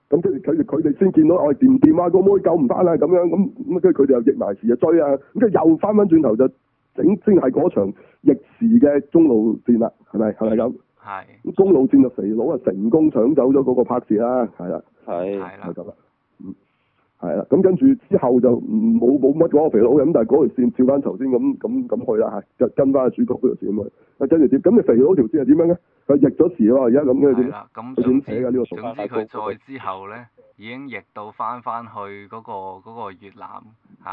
咁即係佢哋，佢哋先見到，我掂唔掂啊？個妹，妹救唔翻啊？咁樣咁咁，跟住佢哋又逆埋時就追啊！咁跟住又翻翻轉頭就整，先係嗰場逆時嘅中路戰啦，係咪？係咪咁？係是。中路戰就肥佬啊，成功搶走咗嗰個拍攝啦，係啦。係是。就咁啦。的係啦，咁跟住之後就冇冇乜嗰個肥佬咁，但係嗰條線照翻頭先咁咁咁去啦嚇，就跟翻個主角嗰條線咁去，跟住點？咁你肥佬條線係點樣嘅？佢逆咗時咯，而家咁嘅點？佢點寫㗎？呢個崇山總之佢再、這個、之，之後咧，已經逆到翻翻去嗰、那個那個越南嚇，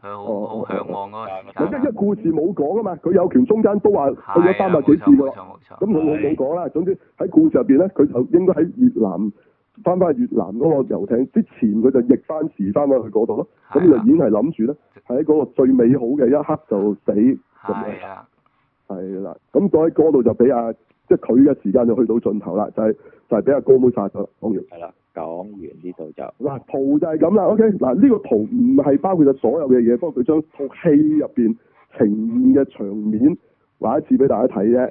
佢、啊、好、哦、好嚮往嗰個世界。一一的故事冇講啊嘛，佢有權中間都話去咗三百幾次㗎，咁佢冇冇講啦。總之喺故事入邊咧，佢就應該喺越南。翻翻越南嗰個遊艇，之前佢就逆翻時翻返去嗰度咯，咁、啊、就已經係諗住咧，喺嗰個最美好嘅一刻就死，係啦、啊，係啦樣，咁講喺嗰度就俾阿即係佢嘅時間就去到盡頭啦，就係、是、就係俾阿高妹殺咗、okay. 啊，講完。係啦、啊，講完呢度就嗱圖就係咁啦，OK 嗱、啊、呢、呢個圖唔係包括咗所有嘅嘢，不過佢將套戲入邊呈現嘅場面畫一次俾大家睇啫。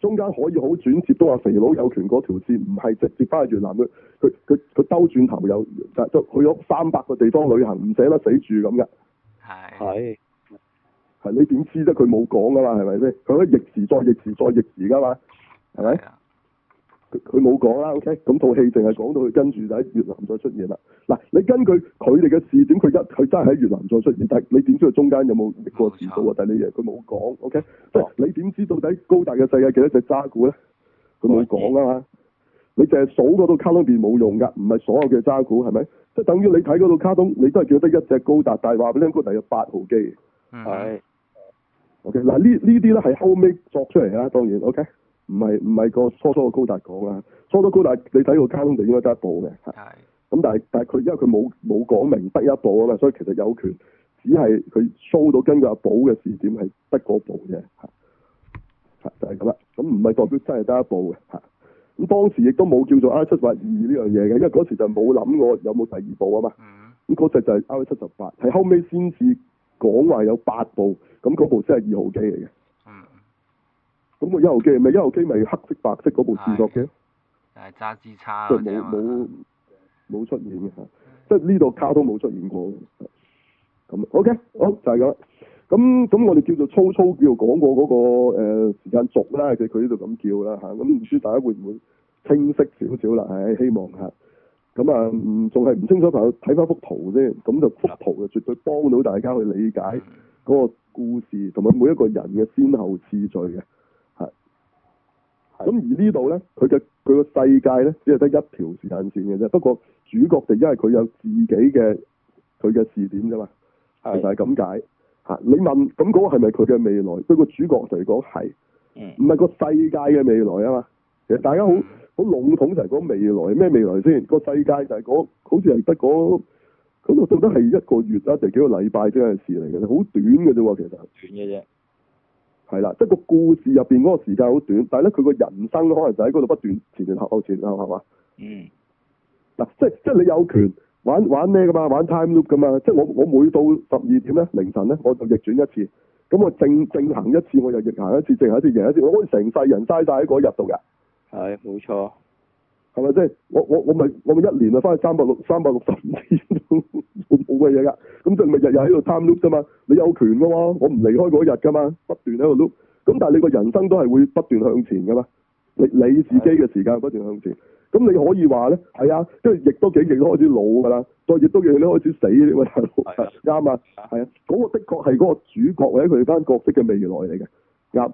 中間可以好轉接，都話肥佬有權嗰條線，唔係直接翻去越南嘅，佢佢佢兜轉頭有，但去咗三百個地方旅行，唔捨得死住咁嘅，係係的，係你點知啫？佢冇講㗎嘛，係咪先？佢可以逆時再逆時再逆時㗎嘛，係咪？佢冇講啦，OK，咁套戲淨係講到佢跟住就喺越南再出現啦。嗱，你根據佢哋嘅視點，佢一佢真係喺越南再出現，但係你點知佢中間有冇一個事故、okay? so, 啊？但係你佢冇講，OK。你點知到底高達嘅世界幾多隻渣古咧？佢冇講啊嘛。的你淨係數嗰度卡通片冇用㗎，唔係所有嘅渣古係咪？即係等於你睇嗰度卡通，你都係記得只一隻高達，但係話俾你聽，佢係有八號機。係、嗯。OK，嗱呢呢啲咧係後尾作出嚟啦，當然 OK。.唔係唔係個初初個高達講啦，初初高達你睇個卡通就應該得一部嘅，係咁，但係但係佢因為佢冇冇講明得一部啊嘛，所以其實有權只係佢 show 到根據阿寶嘅視點係得嗰部嘅，就係咁啦，咁唔係代表真係得一部嘅，咁當時亦都冇叫做 R 七八二呢樣嘢嘅，因為嗰時就冇諗過有冇第二部啊嘛，咁嗰隻就係 R 七十八，係後尾先至講話有八部，咁嗰部真係二號機嚟嘅。咁個一號機係咪一號機咪黑色白色嗰部自駕嘅，係質、哎、差，差，即係冇冇冇出現嘅嚇，即係呢度卡都冇出現過。咁、嗯、OK，好就係、是、咁。咁咁我哋叫做粗粗叫講過嗰、那個誒、呃、時間軸啦，即佢呢度咁叫啦嚇。咁、嗯、唔知大家會唔會清晰少少啦？唉，希望嚇。咁、嗯、啊，仲係唔清楚，朋友睇翻幅圖先。咁就幅圖就絕對幫到大家去理解嗰個故事同埋每一個人嘅先後次序嘅。咁而呢度咧，佢嘅佢個世界咧，只係得一條時間線嘅啫。不過主角就因為佢有自己嘅佢嘅視點啫嘛的、啊，就係、是、咁解吓、啊。你問咁嗰個係咪佢嘅未來？對個主角嚟講係，唔係的個世界嘅未來啊嘛。其實大家好好籠統就係講未來咩未來先？個世界就係講、那個、好似係得嗰嗰度，最多係一個月啦，定、就是、幾個禮拜啫，有陣時嚟嘅，好短嘅啫喎，其實嘅啫。係啦，即係個故事入邊嗰個時間好短，但係咧佢個人生可能就喺嗰度不斷前前後後前後啦，係嘛？嗯，嗱，即係即係你有權玩玩咩噶嘛？玩 time loop 噶嘛？即係我我每到十二點咧，凌晨咧，我就逆轉一次，咁我正正行一次，我就逆行一次，正行一次逆一次，我可以成世人嘥晒，喺嗰日度嘅。係，冇錯。係咪？即係我我我咪我咪一年啊，翻去三百六三百六十五天冇嘅嘢噶。咁就咪日日喺度 time loop 啫嘛？你有權噶，我唔離開嗰日噶嘛。不斷喺度碌。咁但係你個人生都係會不斷向前噶嘛。你你自己嘅時間不斷向前。咁的你可以話咧，係啊，即係亦都幾，亦都開始老噶啦。再亦都亦都開始死呢位大佬。啱的 *laughs* 啊。係啊。嗰、那個的確係嗰個主角或者佢哋間角色嘅未來嚟嘅。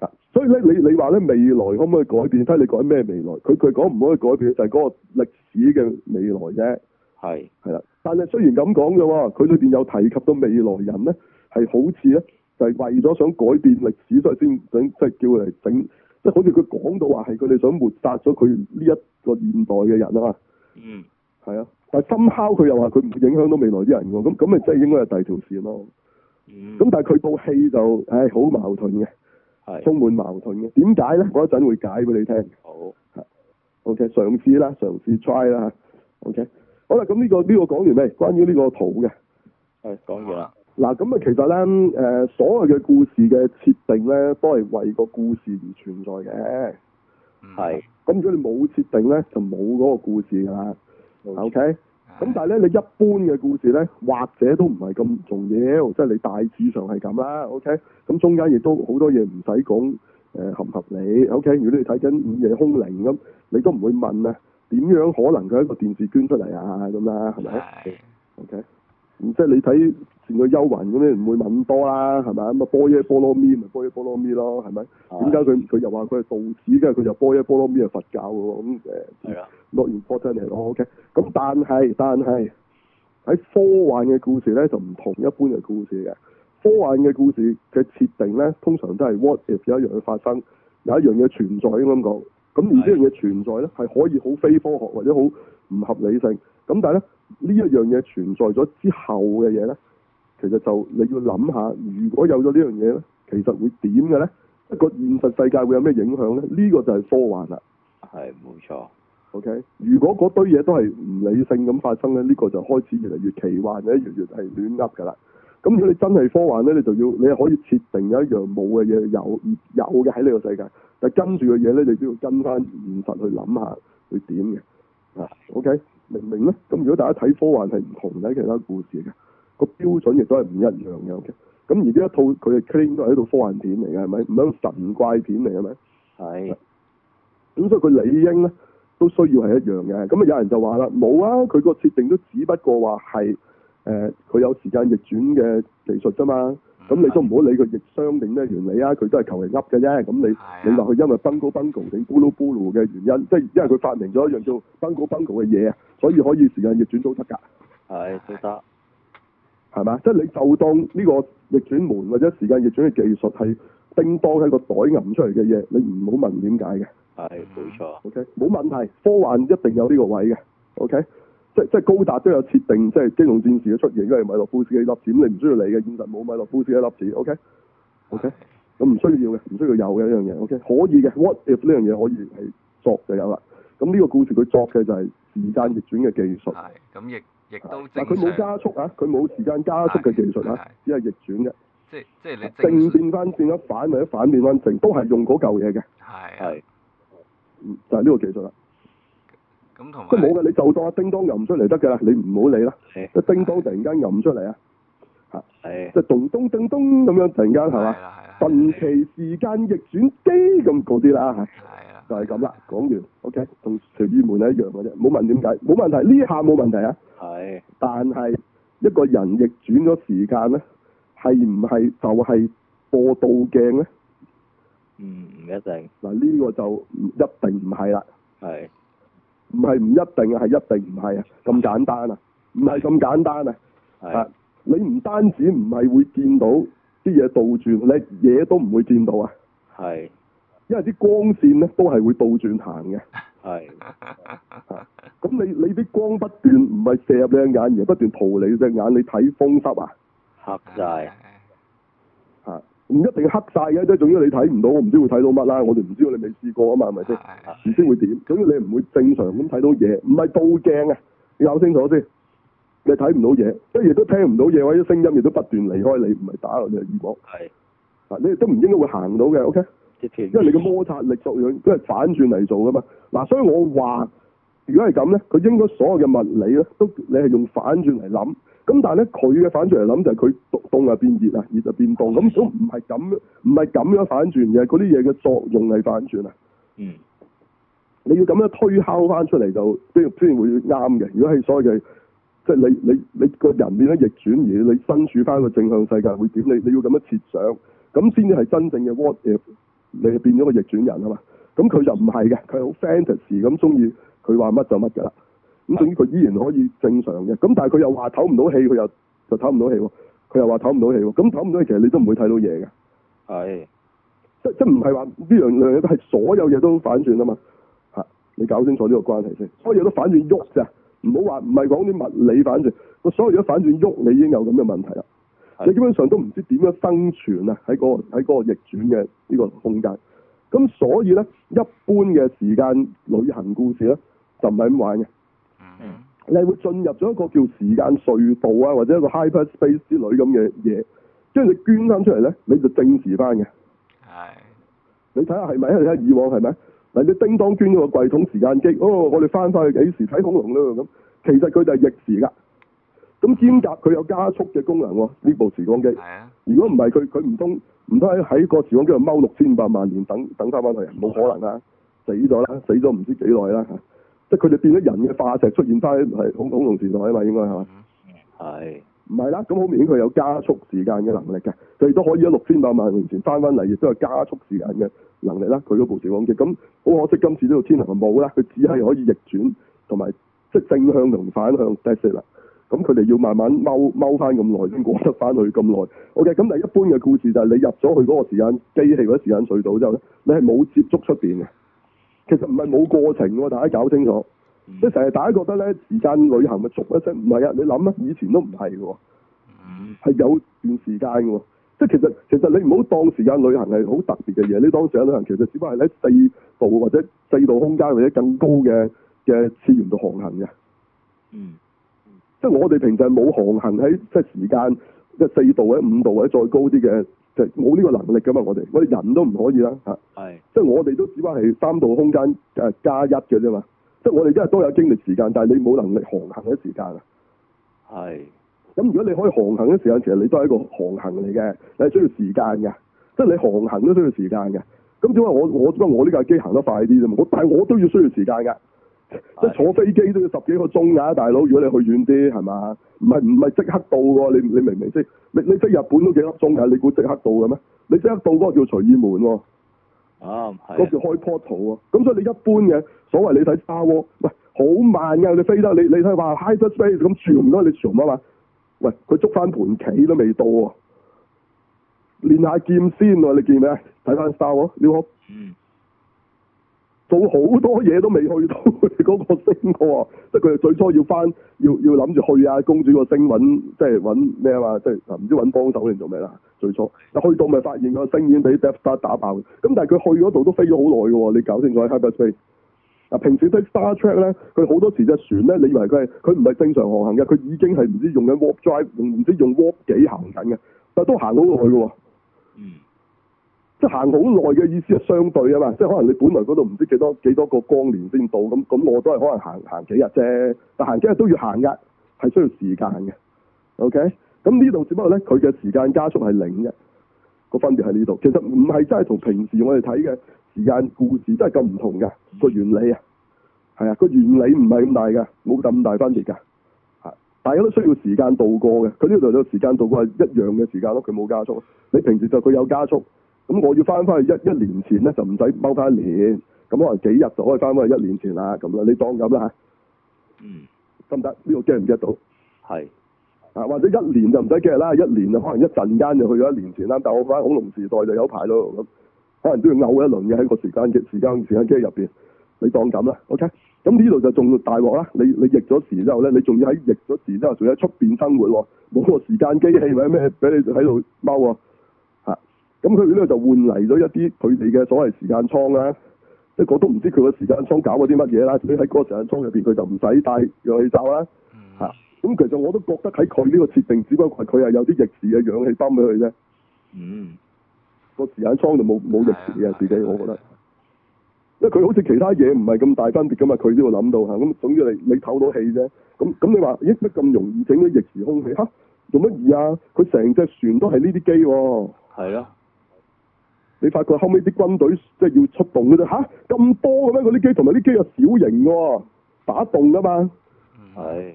啊、所以咧，你你話咧未來可唔可以改變？睇你改咩未來？佢佢講唔可以改變，就係嗰個歷史嘅未來啫。係係啦，但係雖然咁講嘅，佢裏邊有提及到未來人咧，係好似咧就係，為咗想改變歷史，所以先整，即係叫佢嚟整，即係好似佢講到話係佢哋想抹殺咗佢呢一個現代嘅人啊嘛。嗯，係啊，但係 somehow 佢又話佢唔影響到未來啲人嘅，啊，咁咁咪即係應該係第二條線咯、啊。嗯，咁但係佢部戲就唉好矛盾嘅。充滿矛盾嘅，點解呢？嗰一陣會，會解俾你聽。好。O、okay, K，上次啦，上次 try 啦 O K，好啦，咁、這、呢個呢、這個講完咩？關於呢個圖嘅。係講完啦。嗱、啊，咁、嗯、啊，其實呢，誒，所有嘅故事嘅設定呢，都係為個故事而存在嘅。係、嗯。咁、啊、如果你冇設定呢，就冇嗰個故事噶啦。O K 錯。Okay? 咁是但係咧，你一般嘅故事咧，或者都唔係咁重要，即係你大致上係咁啦，OK。咁中間亦都好多嘢唔使講，誒、呃、合唔合理，OK。如果你睇緊午夜兇鈴咁，你都唔會問啊，點樣可能佢一個電視捐出嚟啊咁啦，係咪？係，OK。即係你睇前個幽魂咁咧，唔會問咁多啦，係咪咁啊，波耶波羅蜜咪波耶波羅蜜咯，係咪？點解佢佢又話佢係道士？跟住佢就波耶波羅蜜係佛教嘅喎。咁誒，Not important 咯，OK。咁但係但係喺科幻嘅故事咧，就唔同一般嘅故事嘅。科幻嘅故事嘅設定咧，通常都係 what if 有一樣嘢發生，有一樣嘢存在咁講。咁而呢樣嘢存在咧，係可以好非科學或者好唔合理性。咁但係咧，呢一樣嘢存在咗之後嘅嘢咧，其實就你要諗下，如果有咗呢樣嘢咧，其實會點嘅咧？一個現實世界會有咩影響咧？呢個就係科幻啦。係冇錯，OK。如果嗰堆嘢都係唔理性咁發生咧，呢個就開始越嚟越奇幻，咧越嚟越係亂噏噶啦。咁如果你真係科幻咧，你就要你可以設定有一樣冇嘅嘢有，有嘅喺呢個世界，但跟住嘅嘢咧，你都要跟翻現實去諗下會點嘅，啊 OK。明唔明咧？咁如果大家睇科幻係唔同嘅，其他故事嘅，個標準亦都係唔一樣嘅。咁而呢一套佢嘅劇都係一套科幻片嚟嘅，係咪？唔係神怪片嚟嘅咩？係是。咁所以佢理應咧都需要係一樣嘅。咁啊有人就話啦，冇啊！佢個設定都只不過話係。誒，佢、呃、有時間逆轉嘅技術啫嘛，咁的你都唔好理佢逆熵定咩原理啊，佢都係求其噏嘅啫。咁你的你話佢因為 Bungle Bungle 定 Bulu Bulu 嘅原因，即係因為佢發明咗一樣叫 Bungle Bungle 嘅嘢啊，所以可以時間逆轉都得㗎。係，都得。係嘛，即係你就當呢個逆轉門或者時間逆轉嘅技術係叮當喺個袋揼出嚟嘅嘢，你唔好問點解嘅。係，冇錯。OK，冇問題，科幻一定有呢個位嘅。OK。即即係高達都有設定，即係機動戰士嘅出現，因為米洛夫斯嘅粒子，你唔需要理嘅，現實冇米洛夫斯嘅粒子，OK？OK？咁唔需要嘅，唔需要有嘅呢樣嘢，OK？可以嘅，What if 呢樣嘢可以係作就有啦。咁呢個故事佢作嘅就係時間逆轉嘅技術。係，咁亦亦都。但佢冇加速啊，佢冇時間加速嘅技術啊，只係逆轉嘅。即即係你正變翻變咗反，或者反變翻正，都係用嗰嚿嘢嘅。係係的。就係呢個技術啦。咁冇嘅，你就當阿叮當游唔出嚟得嘅啦，你唔好理啦。Hey, 叮當突然間游唔出嚟啊，吓 Hey.！即係咚咚叮咚咁樣突然間係嘛？神 Hey. 奇時間逆轉機咁嗰啲啦，係就係咁啦。講完，OK，同隨意門係一樣嘅啫，唔好問點解，冇問題。呢下冇問題啊，係。Hey. 但係一個人逆轉咗時間咧，係唔係就係過到鏡咧？嗯，唔一定。嗱，呢個就一定唔係啦。係。Hey. 唔係唔一定，係一定唔係啊！咁簡單啊，唔係咁簡單啊！係是的、啊，你唔單止唔係會見到啲嘢倒轉，你嘢都唔會見到啊！係，是的 因為啲光線呢都係會倒轉行嘅。係是的、啊。咁你你啲光不斷唔係射入你隻眼，而不斷逃離你隻眼，你睇風濕啊？黑晒。唔一定黑晒嘅，即係總之你睇唔到，唔知會睇到乜啦。我哋唔知道，你未試過啊嘛，係咪先？而先會點？總之你唔會，會正常咁睇到嘢，唔係倒鏡嘅。你搞清楚先，你睇唔到嘢，即係亦都聽唔到嘢，或者聲音亦都不斷離開你，唔係打落你耳膜。係。嗱，你，是你都唔應該會行到嘅，OK？因為你嘅摩擦力作用都係反轉嚟做噶嘛。嗱，所以我話。如果係咁咧，佢應該所有嘅物理咧都你係用反轉嚟諗。咁但係咧，佢嘅反轉嚟諗就係佢凍就變熱啊，熱就變凍。咁都唔係咁樣，唔係咁樣反轉嘅。嗰啲嘢嘅作用係反轉啊。嗯，你要咁樣推敲翻出嚟就突突然會啱嘅。如果係所謂嘅即係你你你，你個人變咗逆轉而你身處翻一個正向世界會點？你你要咁樣設想，咁先至係真正嘅 what if？你係變咗個逆轉人啊嘛。咁佢就唔係嘅，佢係好 fantasy 咁中意。佢話乜就乜噶啦，咁至於佢依然可以正常嘅，咁但係佢又話唞唔到氣，佢又就唞唔到氣，佢又話唞唔到氣，咁唞唔到氣，其實你都唔會睇到嘢嘅，係的，即即唔係話呢樣樣嘢都係所有嘢都反轉啊嘛，嚇、啊，你搞清楚呢個關係先，所有嘢都反轉喐咋，唔好話唔係講啲物理反轉，所有嘢都反轉喐，你已經有咁嘅問題啦，的你基本上都唔知點樣生存啊喺、嗰個喺個逆轉嘅呢個空間，咁所以呢，一般嘅時間旅行故事咧。就唔係咁玩嘅。嗯，你係會進入咗一個叫時間隧道啊，或者一個 hyperspace 之類咁嘅嘢，跟住你捐翻出嚟咧，你就正時翻嘅。係。你睇下係咪？你睇下以往係咪？嗱，你叮當捐咗個櫃桶時間機，哦,哦，我哋翻翻去幾時睇恐龍啦咁。其實佢就係逆時㗎。咁兼夾佢有加速嘅功能、哦，呢部時光機。係啊。如果唔係佢，佢唔通唔通喺喺個時光機度踎六千五百萬年等，等等翻翻嚟？冇可能啊，死咗啦，死咗唔知幾耐啦。即係佢哋變咗人嘅化石出現翻係恐恐龍時代啊嘛，應該係嘛？係是。唔係啦，咁好明顯佢有加速時間嘅能力嘅，佢亦都可以喺六千八萬年前翻翻嚟，亦都係加速時間嘅能力啦。佢嗰部時光機咁，好可惜今次呢個天能冇啦，佢只係可以逆轉同埋即係正向同反向 d e a 啦。咁佢哋要慢慢踎踎翻咁耐先過得翻去咁耐。OK，咁但係一般嘅故事就係你入咗去嗰個時間機器嗰個時間隧道之後咧，你係冇接觸出邊嘅。其實唔係冇過程，大家搞清楚。即係成日大家覺得咧，時間旅行咪熟一聲？唔係啊，你諗啊，以前都唔係嘅。係、嗯、有段時間嘅。即係其實，其實你唔好當時間旅行係好特別嘅嘢。你當時間旅行其實只不過係喺四度或者四度空間或者更高嘅嘅次元度航行嘅、嗯嗯。即係我哋平時係冇航行喺即係時間即係四度或者五度或者再高啲嘅。冇呢個能力噶嘛，我哋我哋人都唔可以啦嚇，係，是的 即係我哋都只不過係三度空間誒加一嘅啫嘛，即係我哋因為都有經歷時間，但係你冇能力航行嘅時間啊，係，咁如果你可以航行嘅時間，其實你都係一個航行嚟嘅，你係需要時間嘅，即係你航行都需要時間嘅，咁點解我我點解我呢架機行得快啲啫？我但係我都要需要時間㗎。即係坐飛機都要十幾個鐘呀、啊，大佬。如果你去遠啲，係嘛？唔係唔係即刻到嘅，你你明明即你你飛日本都幾粒鐘噶，你估即刻到嘅咩？你即刻到嗰個叫隨意門、啊，嗰、啊、叫開 portal、啊。咁的所以你一般嘅所謂你睇 Star Wars，喂好慢噶，你飛得你你睇下，hyper space 咁 zoom 唔到你 zoom 啊嘛？喂，佢捉翻盤棋都未到啊！練下劍先啊，你見未啊？睇翻 Star Wars，你好、嗯。做好多嘢都未去到佢嗰個星個喎，即係佢哋最初要翻要要諗住去啊公主個星揾，即係揾咩啊即係唔知揾幫手定做咩啦。最初，但去到咪發現個星已經俾 Death Star 打爆，咁但係佢去嗰度都飛咗好耐嘅喎。你搞清楚喺 Hubby 飛，嗱平時睇 Star Trek 咧，佢好多時隻船咧，你以為佢係佢唔係正常航行嘅，佢已經係唔知用緊 warp drive，唔唔知用 warp 幾行緊嘅，但都行到落去嘅喎。嗯。即行好耐嘅意思係相對啊嘛，即係可能你本嚟嗰度唔知幾多幾多個光年先到咁，咁我都係可能行行幾日啫，但行幾日都要行嘅，係需要時間嘅，OK？咁呢度只不過咧，佢嘅時間加速係零嘅，個分別喺呢度。其實唔係真係同平時我哋睇嘅時間故事真係咁唔同㗎。個原理啊，係啊，個原理唔係咁大㗎，冇咁大分別㗎，係！大家都需要時間度過嘅，佢呢度就時間度過係一樣嘅時間咯，佢冇加速。你平時就佢有加速。咁、嗯、我要翻翻去一一年前咧，就唔使踎翻一年，咁可能幾日就可以翻翻去一年前啦，咁啦，你當咁啦嚇，得唔得？呢度驚唔驚到？係啊，或者一年就唔使驚啦，一年就可能一陣間就去咗一年前啦。但係我翻恐龍時代就有排咯，咁可能都要嘔一輪嘅喺個時間機、時間、時間、時間機器入邊。你當咁啦，OK？咁呢度就仲大鑊啦。你你逆咗時之後咧，你仲要喺逆咗時之後，仲要喺出邊生活喎，冇個時間機器或者咩俾你喺度踎喎。咁佢呢度就換嚟咗一啲佢哋嘅所謂時間倉啦，即係我都唔知佢個時間倉搞嗰啲乜嘢啦。所喺嗰個、嗯、時間倉入邊，佢就唔使戴氧氣罩啦。嚇，咁其實我都覺得喺佢呢個設定只不過係佢係有啲逆時嘅氧氣包俾佢啫。嗯，個時間倉就冇冇逆時嘅自己，哎、呀我覺得，因為佢好似其他嘢唔係咁大分別噶嘛，佢都要諗到嚇。咁總之你你透到氣啫。咁咁你話咦乜咁容易整到逆時空氣嚇？做乜嘢啊？佢成隻船都係呢啲機喎。係、嗯你發覺後尾啲軍隊即係要出動嘅啫，吓，咁多嘅咩？嗰啲機同埋啲機又小型嘅，打洞噶嘛，係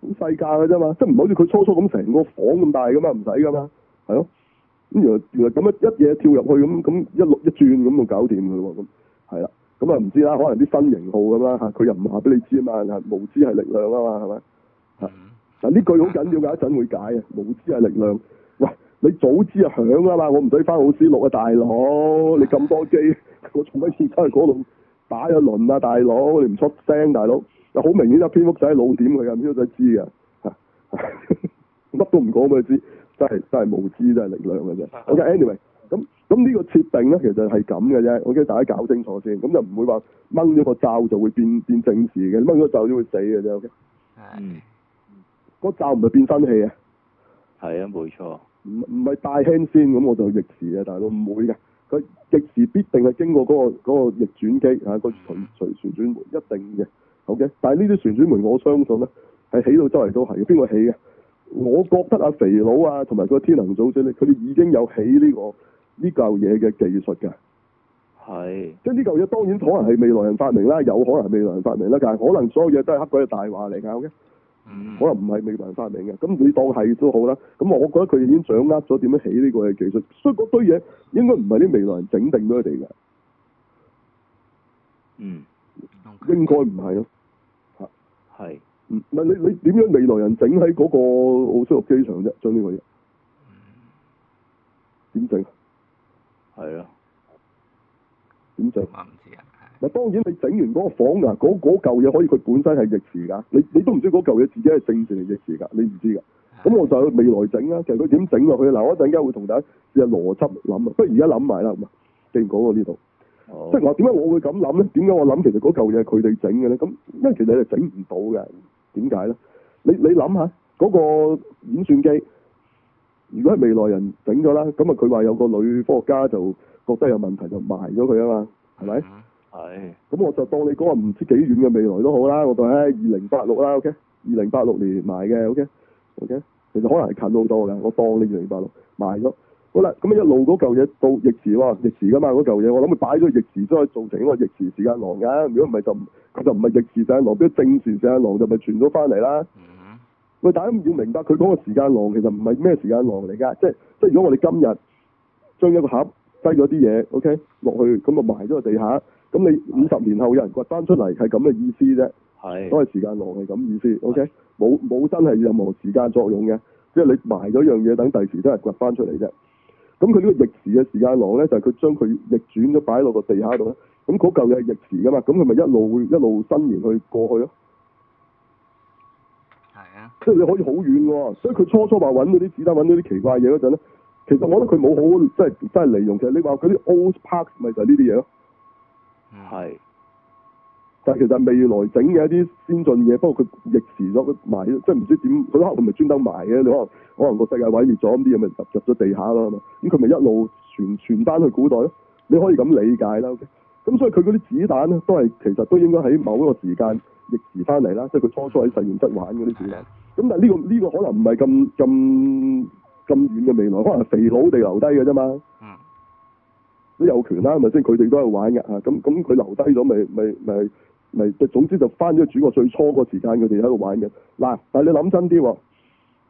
好細架嘅啫嘛，即係唔好似佢初初咁成個房咁大噶嘛，唔使噶嘛，係咯、哦，咁原原來咁樣一嘢跳入去咁咁一落一轉咁就搞掂佢咯，咁係啦，咁啊唔知啦，嗯、可能啲新型號咁啦吓，佢又唔話俾你知啊嘛，無知係力量啊嘛，係咪？啊、嗯，嗱呢句好緊要嘅， *laughs* 一陣會，會解嘅，無知係力量，喂。你早知啊，響啊嘛！我唔使翻老師錄啊，大佬。你咁多機，我做乜次真去嗰度打一輪啊，大佬。你唔出聲，大佬。就好明顯有蝙蝠仔老點佢噶，蝙蝠仔知噶嚇，乜、啊哎、都唔講俾佢知，真係真係無知，真係力量嘅啫。OK，Anyway，okay，咁咁呢個設定咧，其實係咁嘅啫。OK，大家搞清楚先，咁就唔會話掹咗個罩就會變變政治嘅，掹咗罩就會死嘅啫。OK。係。嗰罩唔係變身器啊？係啊，冇錯。唔唔係大輕先，咁我就逆時啊！大佬唔會嘅，佢逆時必定係經過嗰、嗰個嗰個逆轉機嚇，啊嗰個旋旋轉門一定嘅，OK。但係呢啲旋轉門，我相信咧係起到周圍都係嘅，邊個起嘅？我覺得阿、啊、肥佬啊，同埋個天能組織咧，佢哋已經有起呢、呢個呢嚿嘢嘅技術嘅。係是。即係呢嚿嘢，當然可能係未來人發明啦，有可能係未來人發明啦，但係可能所有嘢都係黑鬼嘅大話嚟嘅，OK。可能唔係未來人發明嘅，咁你當係都好啦。咁我覺得佢已經掌握咗點樣起呢個嘅技術，所以嗰堆嘢應該唔係啲未來人整定咗佢哋嘅。嗯，應該唔係咯。嚇、嗯，係是。唔，唔你你點樣未來人整喺嗰個奧斯陸機場啫？將呢個嘢點整？係啊、嗯，點整啊？唔知啊。嗱，當然你整完嗰個房啊，嗰嚿嘢可以佢本身係逆時㗎。你你都唔知嗰嚿嘢自己係正時定逆時㗎，你唔知㗎。咁我就未來整啊，其實佢點整落去？嗱，我一陣間會同大家試下邏輯諗啊。不過而家諗埋啦，咁啊，正講喎呢度。即係話點解我會咁諗咧？點解我諗其實嗰嚿嘢係佢哋整嘅咧？咁因為其實你哋整唔到嘅，點解咧？你你諗下嗰個演算機，如果係未來人整咗啦，咁啊佢話有個女科學家就覺得有問題就埋咗佢啊嘛，係咪？係咁，嗯嗯、我就當你講話唔知幾遠嘅未來都好啦。我當喺二零八六啦，OK，二零八六年買嘅，OK，OK。Okay? Okay? 其實可能係近好多嘅，我當你二零八六賣咗。好啦，咁一路嗰嚿嘢到逆時喎，逆時㗎嘛嗰嚿嘢。我諗佢擺咗個逆時，將佢做成一個逆時時間廊嘅。如果唔係就佢就唔係逆時時間廊，佢正時時間廊就咪傳咗翻嚟啦。喂、嗯，大家要明白，佢嗰個時間廊其實唔係咩時間廊嚟噶，即係即係如果我哋今日將一個盒低咗啲嘢，OK，落去咁啊埋咗喺地下。咁你五十年後有人掘翻出嚟係咁嘅意思啫，係嗰個時間囊係咁意思的，OK？冇冇真係任何時間作用嘅，即係你埋咗樣嘢，等第時都係掘翻出嚟啫。咁佢呢個逆時嘅時間囊咧，就係、是、佢將佢逆轉咗擺落個地下度。咁嗰嚿嘢係逆時噶嘛，咁佢咪一路會一路伸延去過去咯。係啊的，即係你可以好遠喎。所以佢初初話揾到啲子彈，揾到啲奇怪嘢嗰陣咧，其實我覺得佢冇好即係真係利用其實。你話佢啲 old parks 咪就係呢啲嘢咯。係，mm hmm. 但係其實未來整嘅一啲先進嘢，不過佢逆時咗佢埋，即係唔知點，佢可能佢咪專登埋嘅。你可能可能個世界毀滅咗，咁啲嘢咪入入咗地下咯，咁佢咪一路傳傳翻去古代咯。你可以咁理解啦，咁、okay? 所以佢嗰啲子彈咧，都係其實都應該喺某一個時間逆時翻嚟啦，即係佢初初喺實驗室玩嗰啲子彈。咁、mm hmm. 但係、這、呢個呢、這個可能唔係咁咁咁遠嘅未來，可能係肥佬地留低嘅啫嘛。Mm hmm. 都有權啦、啊，係咪先？佢哋都係玩嘅嚇，咁咁佢留低咗，咪咪咪咪，即總之就翻咗個主角最初個時間，佢哋喺度玩嘅。嗱、啊，但係你諗真啲喎，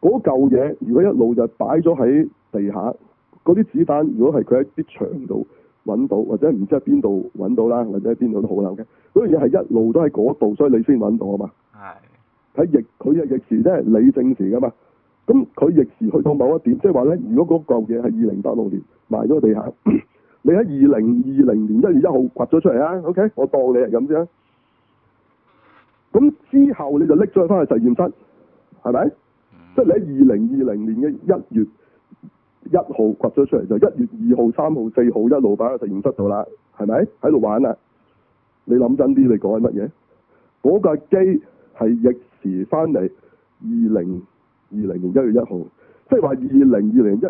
嗰嚿嘢如果一路就擺咗喺地下，嗰啲子彈如果係佢喺啲牆度揾到，或者唔知喺邊度揾到啦，或者喺邊度都好啦嘅，嗰樣嘢係一路都喺嗰度，所以你先揾到啊嘛。係睇逆佢嘅逆時即係理正時噶嘛，咁佢逆時去到某一點，即係話咧，如果嗰嚿嘢係二零八六年埋咗地下。 *coughs* 你喺二零二零年一月一號掘咗出嚟啊？OK，我當你係咁啫。咁之後你就拎咗佢翻去實驗室，係咪？即係你喺二零二零年嘅一月一號掘咗出嚟，就一月二號、三號、四號一路擺喺實驗室度啦，係咪？喺度玩啦。你諗真啲，你講緊乜嘢？嗰架機係逆時翻嚟二零二零年一月一號，即係話二零二零一月